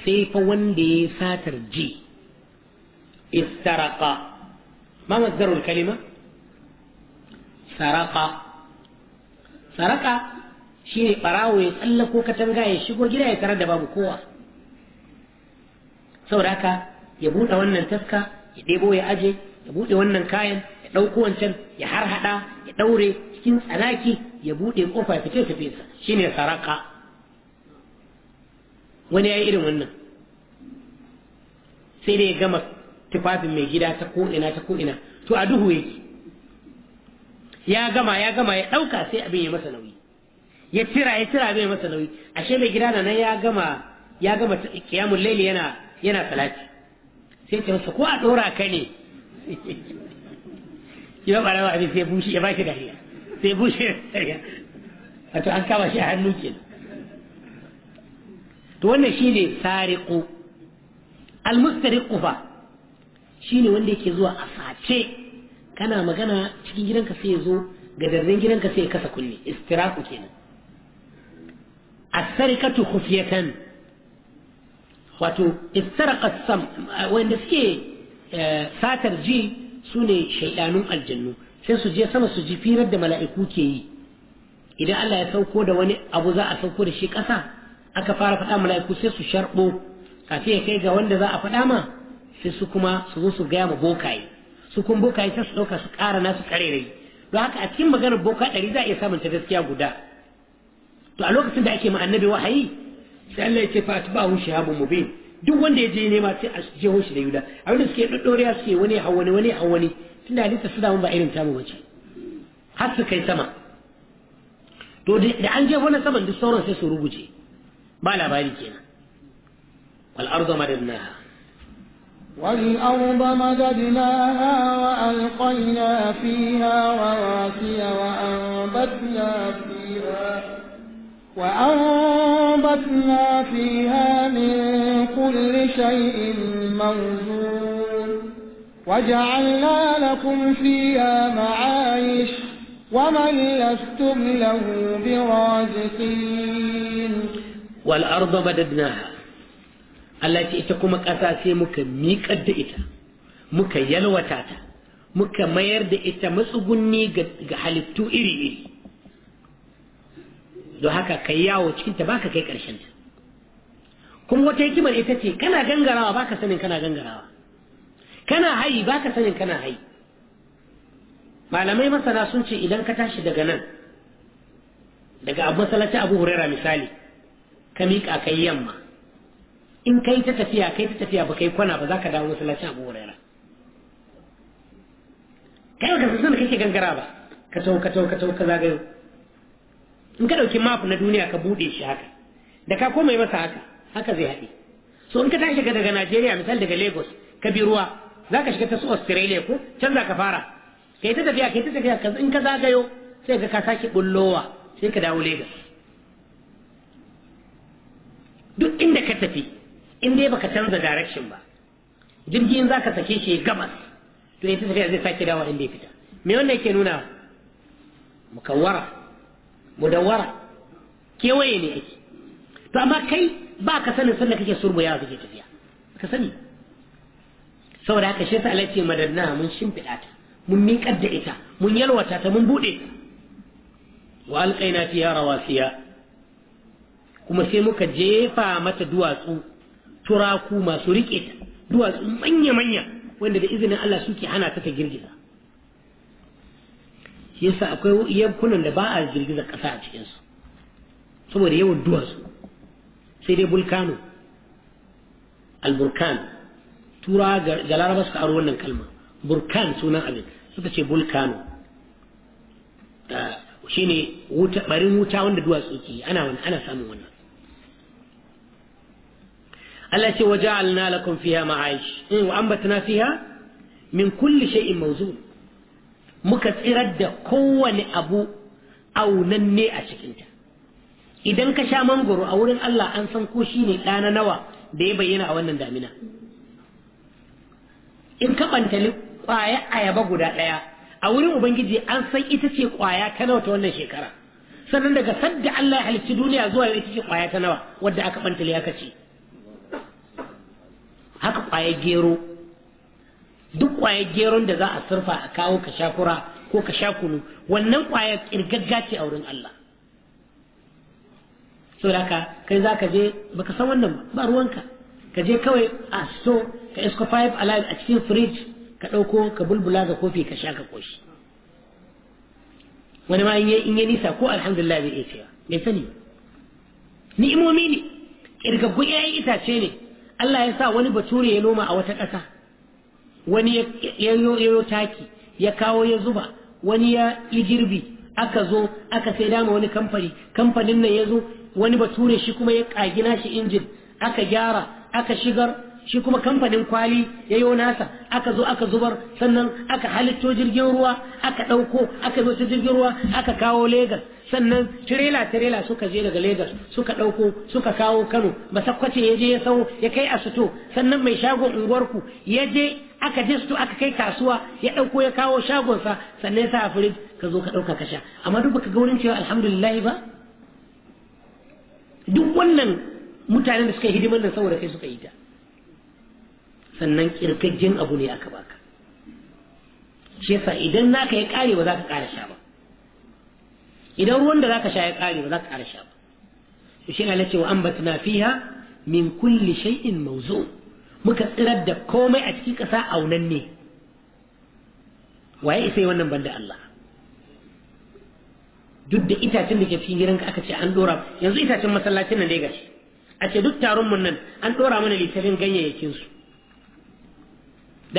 Speaker 1: sai fa wanda ya satar ji istaraqa ma mazdarul kalima saraqa saraqa shine barawo ya tsallako katanga ya shigo gida ya tarar da babu kowa saboda haka ya buɗe wannan taska ya ɗebo ya aje ya buɗe wannan kayan ya ɗauko wancan ya harhaɗa ya ɗaure cikin tsanaki ya buɗe kofa ya fice sa shine saraka wani ya yi irin wannan sai dai ya gama tufafin mai gida ta ko'ina ta ko'ina to a duhu yake ya gama ya gama ya ɗauka sai abin ya masa nauyi ya tira ya tira abin ya masa nauyi ashe mai gida na nan ya gama ya gama kiyamun laili yana yana salati sai ta masa ko a ɗora ka ne ya ba abin sai bushe ya ba shi dariya sai bushe wato an kama shi a hannu ke to wannan shine sariqu almustariqu fa shine wanda yake zuwa a face kana magana cikin gidanka sai ya zo ga darren gidanka sai ya kasa kunne istiraku kenan as-sarikatu khufyatan wato istaraqa sam wanda suke eh, satar ji sune shaydanun aljannu sai su je sama su ji firar da mala'iku ke yi idan Allah ya sauko da wani abu za a sauko da shi ƙasa aka fara faɗa mala'iku sai su sharɓo kafin ya kai ga wanda za a faɗa ma sai su kuma su zo su gaya ma bokaye su kuma bokaye sai su ɗauka su ƙara nasu ƙarerai don haka a cikin maganar boka ɗari za a iya samun ta gaskiya guda to a lokacin da ake ma annabi wahayi sai Allah ya ce fa atba'ahu shahabun mubin duk wanda ya je nema sai a je hoshi da yuda abin da suke doddorewa suke wani hawani wani hawani tunda halitta suna mun ba irin tamu bace har su kai sama to da an je wani saman duk sauran sai su rubuce, ba labari kenan wal ardu madadnaha
Speaker 2: والأرض مددناها وألقينا فيها رواسي وأنبتنا فيها وأنبتنا فيها من كل شيء موزون وجعلنا لكم فيها معايش ومن لستم له برازقين
Speaker 1: والأرض مددناها التي تقوم أساسي مك ميك أدئتا مك يلوتاتا مك ميرد إتا مسغني قد حلبتو إري إري don haka ka yi yawo cikin ta baka kai karshen ta kuma wata hikimar ita ce kana gangarawa baka sanin kana gangarawa kana hayi baka sanin kana hayi malamai masana sun ce idan ka tashi daga nan daga abu masallaci abu huraira misali ka miƙa kai yamma in kai ta tafiya kai ta tafiya ba kai kwana ba za ka dawo masalacin abu huraira kai ba ka san kake gangara ba ka tau ka tau ka tau ka zagayo in ka ɗauki map na duniya ka buɗe shi haka da ka komai masa haka haka zai haɗe so in ka tashi shiga daga Najeriya misali daga Lagos ka bi ruwa za ka shiga ta su Australia ko can za ka fara kai ta tafiya kai ta tafiya in ka zagayo sai ka ka sake bullowa sai ka dawo Lagos duk inda ka tafi in dai baka canza direction ba jirgin za ka sake shi gabas to ya tafiya zai sake dawo inda ya fita me wannan yake nuna mukawara mudawwara kewaye ne ake to amma kai ba ka sanin sanda kake surbu yawa kake tafiya ka sani saboda haka shi sa ce madanna mun shimfiɗa ta mun miƙar da ita mun yalwata ta mun buɗe ta wa alƙaina fiha rawasiya kuma sai muka jefa mata duwatsu turaku masu riƙe ta duwatsu manya-manya wanda da izinin Allah suke hana ta ta girgiza shi yasa akwai yankunan da ba a girgizar ƙasa a cikinsu saboda yawan duwatsu sai dai bulkano alburkan tura ga laraba suka aro wannan kalma burkan sunan abin suka ce bulkano shine barin wuta wanda duwatsu ke ana ana samun wannan Allah ce waje alna lakum fiha ma'aish in eh, wa ambatna fiha min kulli shay'in mawzu' muka tsirar da kowane abu aunanne a cikinta idan ka sha mangoro a wurin Allah an san ko shi ne ɗana nawa da ya bayyana a wannan damina in ka ɓantali ƙwaya ayaba guda ɗaya a wurin ubangiji an san ita ce ƙwaya ta nawa ta wannan shekara sannan daga sadda Allah ya halicci duniya zuwa ita ce ƙwaya ta nawa wadda aka ɓantali aka ce haka ƙwaya gero duk kwayar geron da za a surfa a kawo ka sha kura ko ka sha kunu wannan kwayar kirgagga ce a wurin Allah da ka kai za ka je baka san wannan ba ruwanka ka je kawai a so ka isko five alive a cikin firij ka ɗauko ka bulbula ga kofi ka sha ka koshi wani ma in ya nisa ko alhamdulillah bai iya cewa bai sani ni'imomi ne
Speaker 3: kirgaggun 'ya'yan
Speaker 1: itace ne Allah ya sa wani bature ya noma a wata ƙasa wani ya yoyo taki ya kawo ya zuba wani ya yi girbi aka zo aka sai dama wani kamfani kamfanin nan ya zo wani bature shi kuma ya kagina shi injin aka gyara aka shigar shi kuma kamfanin kwali ya yi nasa aka zo aka zubar sannan aka halitto jirgin ruwa aka ɗauko aka zo ta jirgin ruwa aka kawo Legas sannan tirela tirela suka je daga Legas suka ɗauko suka kawo Kano masakwace ya je ya sau ya kai asuto sannan mai shagon unguwarku ya je aka je su aka kai kasuwa ya ɗauko ya kawo shagonsa sannan ya sa a firij ka zo ka ɗauka ka sha amma duk baka ga wurin cewa alhamdulillah ba duk wannan mutanen da suka yi hidimar nan saboda kai suka yi ta sannan kirkaggen abu ne aka baka shi yasa idan naka ya kare ba za ka kara sha ba idan ruwan da za ka sha ya kare ba za ka kara sha ba to shi Allah ce wa ambatna fiha min kulli shay'in mawzu muka tsirar da komai a cikin ƙasa aunan ne waye isa wannan banda Allah duk da itacen da ke cikin gidanka aka ce an dora yanzu itacen masallacin nan dai gashi a ce duk taron mun nan an dora mana littafin ganyayyakin su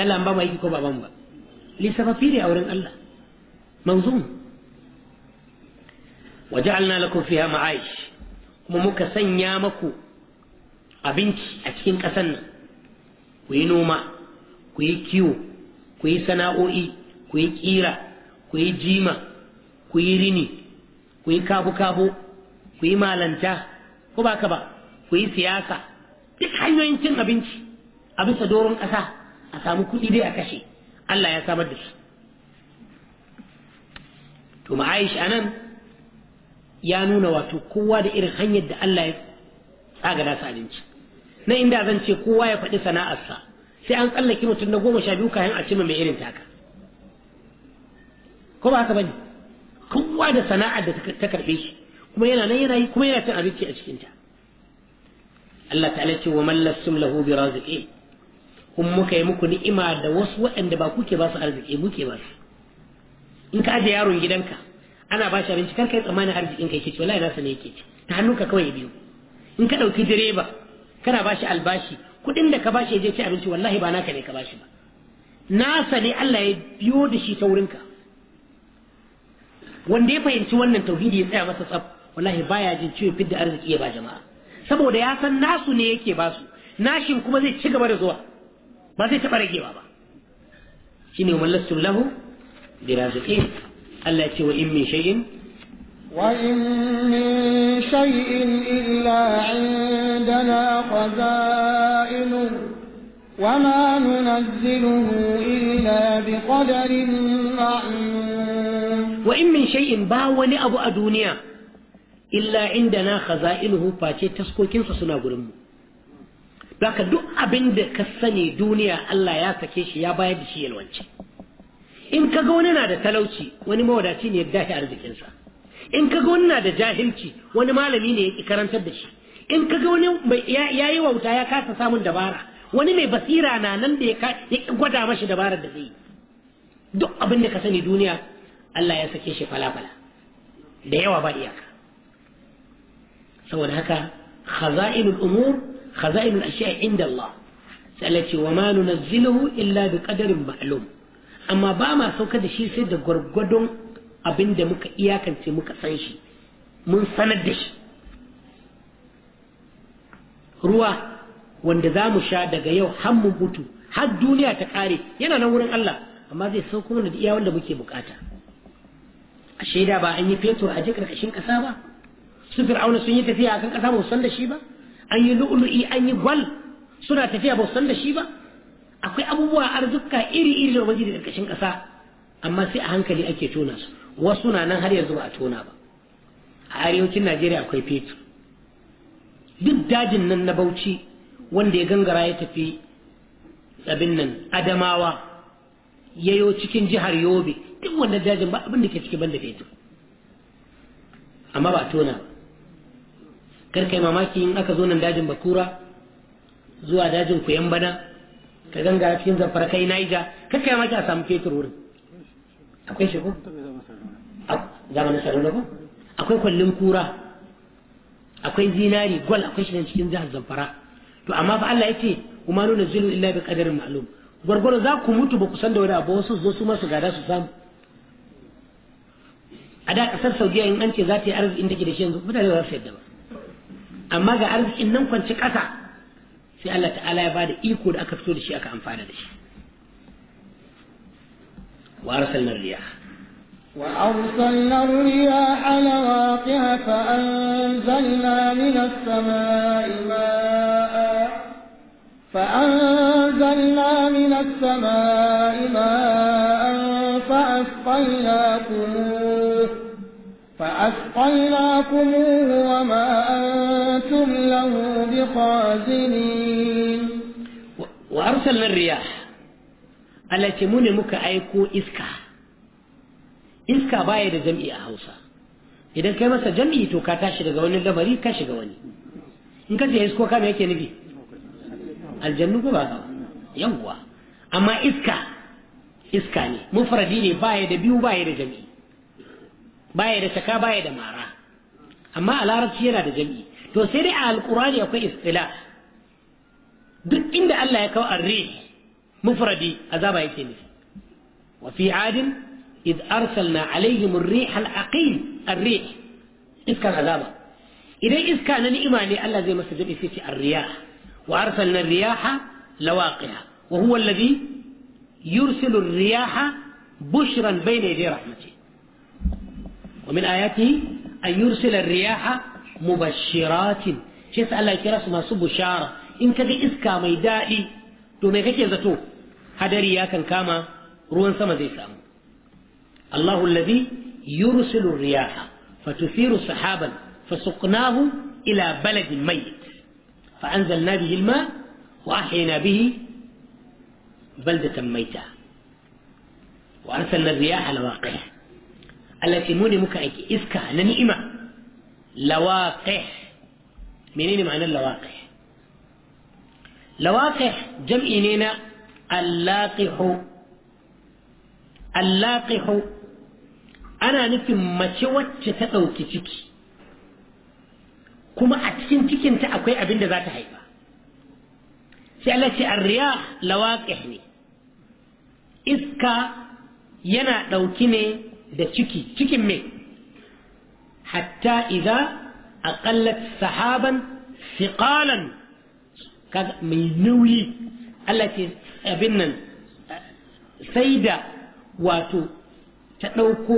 Speaker 1: da ba mu ko ba ba lissafafi ne a wurin Allah manzum wa ja'alna lakum fiha ma'aish kuma muka sanya maku abinci a cikin ƙasan nan ku yi noma ku yi kiwo ku yi sana'o'i ku yi ƙira ku yi jima ku yi rini ku yi kabu kabo ku yi malanta ko ba ka ba ku yi siyasa duk hanyoyin cin abinci a bisa doron ƙasa a samu kuɗi dai a kashe Allah ya samar da su to ma aisha anan ya nuna wato kowa da irin hanyar da Allah ya tsaga nasa abinci na inda zan ce kowa ya faɗi sana'arsa sai an tsallake mutum na goma sha biyu kayan a cima mai irin taka ko ba haka bane kowa da sana'ar da ta karɓe shi kuma yana nan yana yi kuma yana cin abinci a cikinta Allah ta'ala ce wa man lassum lahu bi raziqin kuma muka yi muku ni'ima da wasu waɗanda ba kuke ba su arziki muke ba su in ka aje yaron gidanka ana ba shi abinci kar kai tsammanin arzikin kai kici wallahi nasa ne yake ci ta hannunka kawai biyu in ka ɗauki direba kana ba shi albashi kuɗin da ka ba shi ya je ci abinci wallahi ba naka ne ka ba shi ba nasa ne Allah ya biyo da shi ta wurinka wanda ya fahimci wannan tauhidi ya tsaya masa tsaf wallahi baya jin ciwo fidda arziki ya ba jama'a saboda ya san nasu ne yake basu nashin kuma zai ci gaba da zuwa ما في سفر بابا شنو وملست له برازقين الا وان من شيء
Speaker 2: وان من شيء الا عندنا خزائنه وما ننزله الا بقدر معلوم وان من شيء باون ابو الدنيا
Speaker 1: الا عندنا خزائنه فاتي تسكوكين سنا غرمه zaka duk abin da ka sani duniya Allah ya sake shi ya bayar da shi yalwance. in ka ga wani na da talauci wani mawadaci ne ya dahi arzikinsa in ka ga wani na da jahilci wani malami ne ya karantar da shi in ka ga wani ya yi wauta ya kasa samun dabara wani mai basira na nan da ya gwada mashi dabarar da zai yi duk abin da ka sani duniya Allah ya sake shi falafala da yawa ba iyaka saboda haka khaza'inul umur خزائن الأشياء عند الله سألتي وما ننزله إلا بقدر معلوم أما باما سوكا دشي سيد غرغدون أبن دمك إياك أنت مك سنشي من سندش ruwa wanda za mu sha daga yau mu mutu har duniya ta kare yana nan wurin Allah amma zai sauko mana da iya wanda muke bukata a shaida ba an yi fetur a je karkashin kasa ba fir'auna sun yi tafiya akan kasa ba su san da shi ba an yi lu'ulu'i an yi gwal suna tafiya ba san da shi ba akwai abubuwa arzuka iri iri da waje da ƙarƙashin ƙasa amma sai a hankali ake tona su wasu na nan har yanzu ba a tona ba a arewacin najeriya akwai fetur duk dajin nan na bauchi wanda ya gangara ya tafi abin nan adamawa yayo cikin jihar yobe duk wannan dajin ba abin da ke ciki banda fetur amma ba tona ba. kar yi mamaki in aka zo nan dajin bakura zuwa dajin kuyan bana ka ganga cikin zamfara kai naija kar kai mamaki a samu fetur wurin akwai shi ko zamanin sarrafa ko akwai kwallon kura akwai zinari gwal akwai shi cikin jihar zamfara to amma fa Allah yace kuma nuna zilu illa bi qadarin ma'lum gwargwaro za ku mutu ba ku san da wani abu wasu zo su masu su gada su samu a da kasar saudiya in an ce za ta yi arzikin take da shi yanzu mutane za su yadda ba amma ga arzikin nan kwanci ƙasa sai Allah ta'ala ya bada iko da aka fito da shi aka amfana da shi wa arsalna riyah
Speaker 2: wa arsalna riyah lawaqiha fa anzalna min as-samaa'i ma'a fa anzalna min as-samaa'i ma'a fa asqaynakum فأثقلناكم وما أنتم له بخازنين
Speaker 1: وأرسلنا الرياح
Speaker 2: التي من مك
Speaker 1: أيكو إسكا إسكا بايد جمعي أهوسا إذا كما سجمعي تو كاتاشي لغوان الغبري كاشي غواني إنك تي إسكو كام يكي نبي الجنة كو يوه أما إسكا إسكاني مفردين بايد بيو بايد جمعي baya da saka baya da mara amma a larabci yana da jam'i to sai dai a alkurani akwai istila duk inda Allah ya kawo arri mufradi azaba yake nufi wa fi adin إذ أرسلنا عليهم الريح العقيم الريح إذ كان عذابا إذا إذ كان الإيمان الله زي ما سجل في الرياح وأرسلنا الرياح لواقها وهو الذي يرسل الرياح بشرا بين يدي رحمته ومن آياته أن يرسل الرياح مبشرات شيس الله يكرس ما سب شارة إن كذي إسكا ميدائي دون يكي يزتو هذا رياكا كاما روان سمزي سام الله الذي يرسل الرياح فتثير سحابا فسقناه إلى بلد ميت فأنزلنا به الماء وأحينا به بلدة ميتة وأرسلنا الرياح لواقعه Allah ce mu ne muka aiki iska na ni'ima lawaqih menene ma'anar lawaqih lawaqih jam'i ne na allaqihu allaqihu ana nufin mace wacce ta ɗauki ciki kuma a cikin cikinta akwai abin da za ta haifa sai Allah ce arriyah lawaqih ne iska yana ɗauki ne da ciki cikin me hatta idza aqallat sahaban thiqalan mai nauyi Allah ce abin nan sai da wato ta ɗauko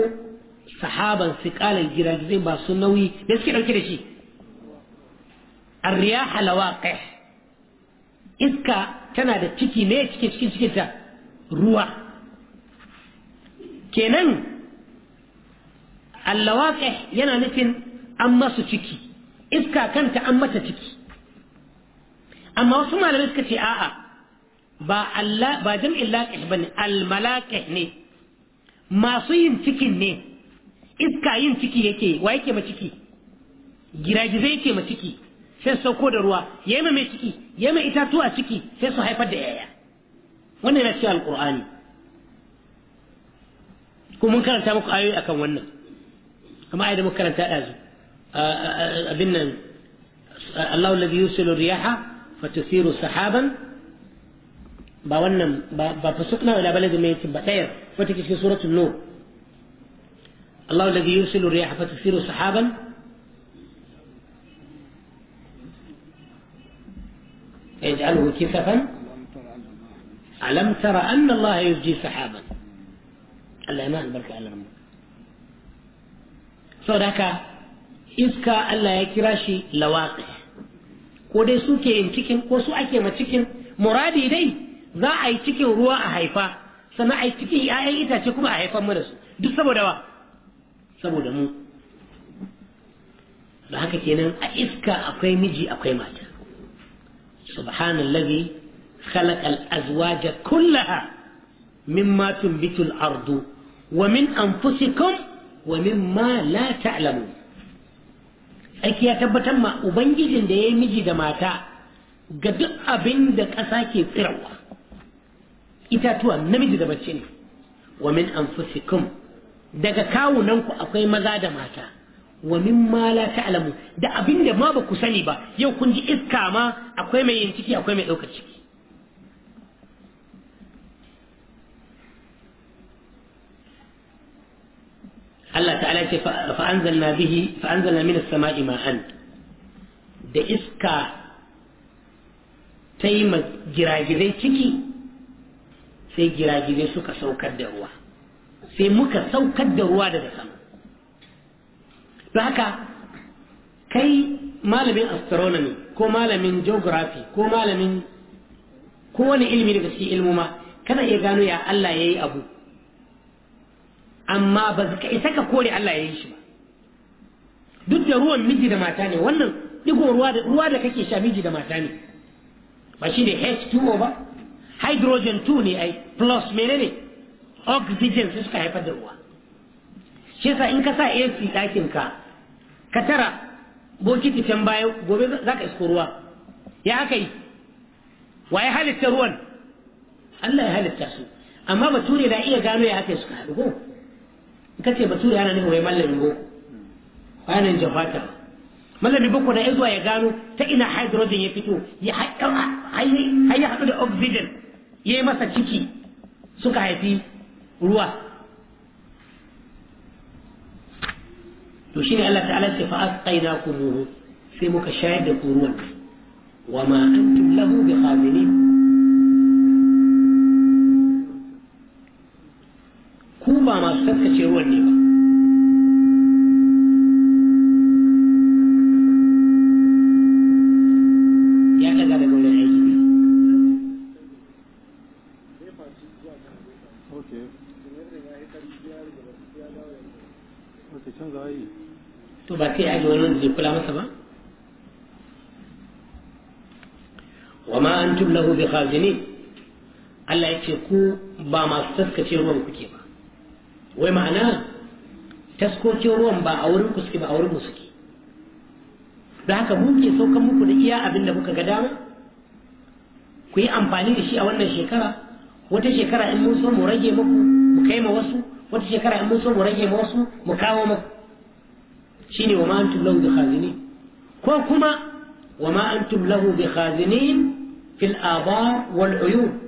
Speaker 1: sahaban thiqalan giragizai masu nauyi da suke ɗauke da shi الرياح لواقح iska tana da ciki ne cikin cikin cikinta ruwa kenan allawaƙe yana nufin an masu ciki iska kanta an mata ciki amma wasu malamai suka ce a'a ba Allah ba jam'in laƙih bane ne masu yin cikin ne iska yin ciki yake wa yake ma ciki giragizai yake ma ciki sai sauko da ruwa ya yi mai ciki ya mai itatuwa ciki sai su haifar da yaya wannan yana cikin alƙur'ani kuma mun karanta muku ayoyi akan wannan فما عاد مكر انت ازم ابن الله الذي يرسل الرياح فتثير سحابا باونم بفسقنا الى بلد ميت بتير فتكي في سوره النور الله الذي يرسل الرياح فتثير سحابا يجعله كسفا ألم ترى أن الله يرجي سحابا الإيمان بركة على رمك da haka iska Allah ya kira shi lawaqi ko dai suke yin cikin ko su ake ma cikin muradi dai za a yi cikin ruwa a haifa sannan a yi cikin 'ya'yan itace kuma a haifan mu da su duk saboda wa saboda mu da haka kenan a iska akwai miji akwai mata subhanallazi خلق الأزواج كلها مما تنبت الأرض ومن أنفسكم wa mimma la ta'lamu aiki ya tabbatar ma ubangijin da ya yi miji da mata ga duk abin da ƙasa ke tsirawa itatuwa namiji da bacci ne wa min anfusikum daga kawunanku akwai maza da mata wa min ma la ta'lamu da abin da ma ba ku sani ba yau kun ji iska ma akwai mai yin ciki akwai mai ɗaukar ciki Allah ta'ala ce fa anzalna bihi fa anzalna minas sama'i ma'an da iska ta yi giragizai ciki sai giragizai suka saukar da ruwa sai muka saukar da ruwa daga sama don haka kai malamin astronomy ko malamin geography ko malamin kowane ilimi daga cikin ilmuma kana iya gano ya Allah ya yi abu amma ba ka isa ka kore Allah ya yi shi ba duk da ruwan miji da mata ne wannan digo ruwa da kake sha miji da mata ne ba shi ne H2O ba hydrogen 2 ne ai plus menene oxygen su suka haifar da ruwa shi yasa in ka sa AC ɗakin ka ka tara bokiti can baya gobe za ka isko ruwa ya aka yi wa ya halitta ruwan Allah ya halitta su amma bature da iya gano ya aka yi suka haɗu ko ka ce bature ana nufin wai mallamin boko bayanin jafata mallamin boko na zuwa ya gano ta ina hydrogen ya fito ya haɗu da oxygen ya yi masa ciki suka haifi ruwa
Speaker 2: to shine Allah ta'ala
Speaker 1: ce fa asqaina kumuhu sai muka shayar da ku ruwan wa ma antum lahu
Speaker 3: bikhazinin ba masu ruwan ne ba ya daga aiki ne to ba sai ya wani zai kula masa
Speaker 1: ba wa an tum lahu bi khazinin Allah ya ce ku ba masu taskace ruwan kuke ba wai ma'ana taskokin ruwan ba a wurin ku suke ba a wurin mu suke don haka mun ke saukan muku da iya abin da muka ga dama ku yi amfani da shi a wannan shekara wata shekara in mun so mu rage muku mu kai ma wasu wata shekara in mun so mu rage ma wasu mu kawo muku shine wa ma antum lahu bikhazinin ko kuma wa ma antum lahu bikhazinin fil abar wal uyun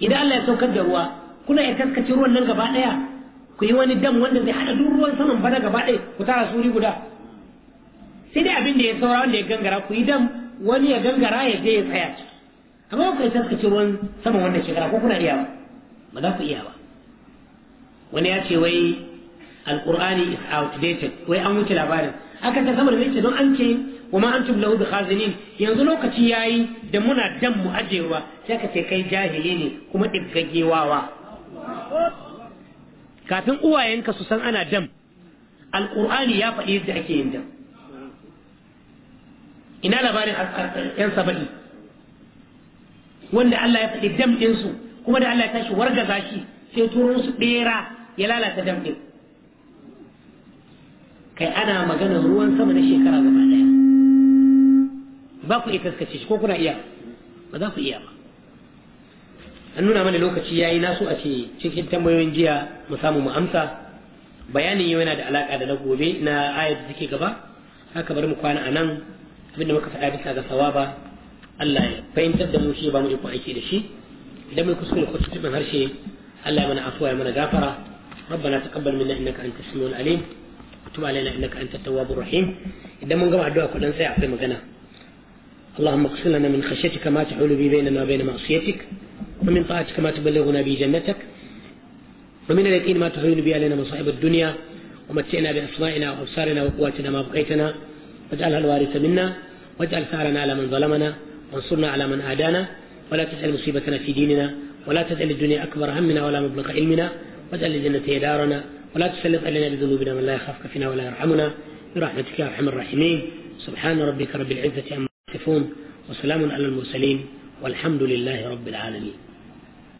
Speaker 1: idan Allah ya saukar da ruwa kuna iya kaskace ruwan nan gaba ɗaya ku yi wani dam wanda zai haɗa duk ruwan saman bana gaba ɗaya ku tara suri guda sai dai abin da ya saura wanda ya gangara ku yi dam wani ya gangara ya je ya tsaya amma ku iya kaskace ruwan saman wannan shekara ko kuna iya ba za ku iya ba wani ya ce wai alqur'ani is outdated wai an wuce labarin aka ta sama da ce don an ce wa ma antum lahu bikhazinin yanzu lokaci yayi da muna dan mu ajewa sai ka ce kai jahili ne kuma wawa. kafin uwayenka su san ana dam alƙur'ani ya faɗi yadda ake yin dam ina labarin yan saba'i wanda Allah ya faɗi dam ɗinsu kuma da Allah ya tashi wargaza shi sai turo su ɓera ya lalata dam ɗin kai ana maganar ruwan sama na shekara gaba ɗaya ba ku iya taskace shi ko kuna iya ba za ku iya ba an nuna mana lokaci ya yi nasu a ce cikin tambayoyin jiya mu samu mu amsa bayanin yau yana da alaka da na gobe na ayat da take gaba haka bari mu kwana a nan abinda muka faɗa bisa ga sawaba Allah ya fahimtar da mu shi ba mu iko aiki da shi idan mai kuskure ko tutubin harshe Allah ya mana afuwa ya mana gafara ربنا تقبل منا انك انت السميع العليم وتب علينا انك انت التواب الرحيم idan mun gama addu'a kullun sai akwai magana اللهم اغفر لنا من خشيتك ما تحول بي بيننا وبين معصيتك ومن طاعتك ما تبلغنا به جنتك ومن اليقين ما تحيون به علينا مصائب الدنيا ومتعنا بأسمائنا وأبصارنا وقواتنا ما بقيتنا واجعلها الوارث منا واجعل ثارنا على من ظلمنا وانصرنا على من عادانا ولا تجعل مصيبتنا في ديننا ولا تجعل الدنيا أكبر همنا ولا مبلغ علمنا واجعل الجنة هي دارنا ولا تسلط علينا بذنوبنا من لا يخافك فينا ولا يرحمنا برحمتك يا أرحم الراحمين سبحان ربك رب العزة عما يصفون وسلام على المرسلين والحمد لله رب العالمين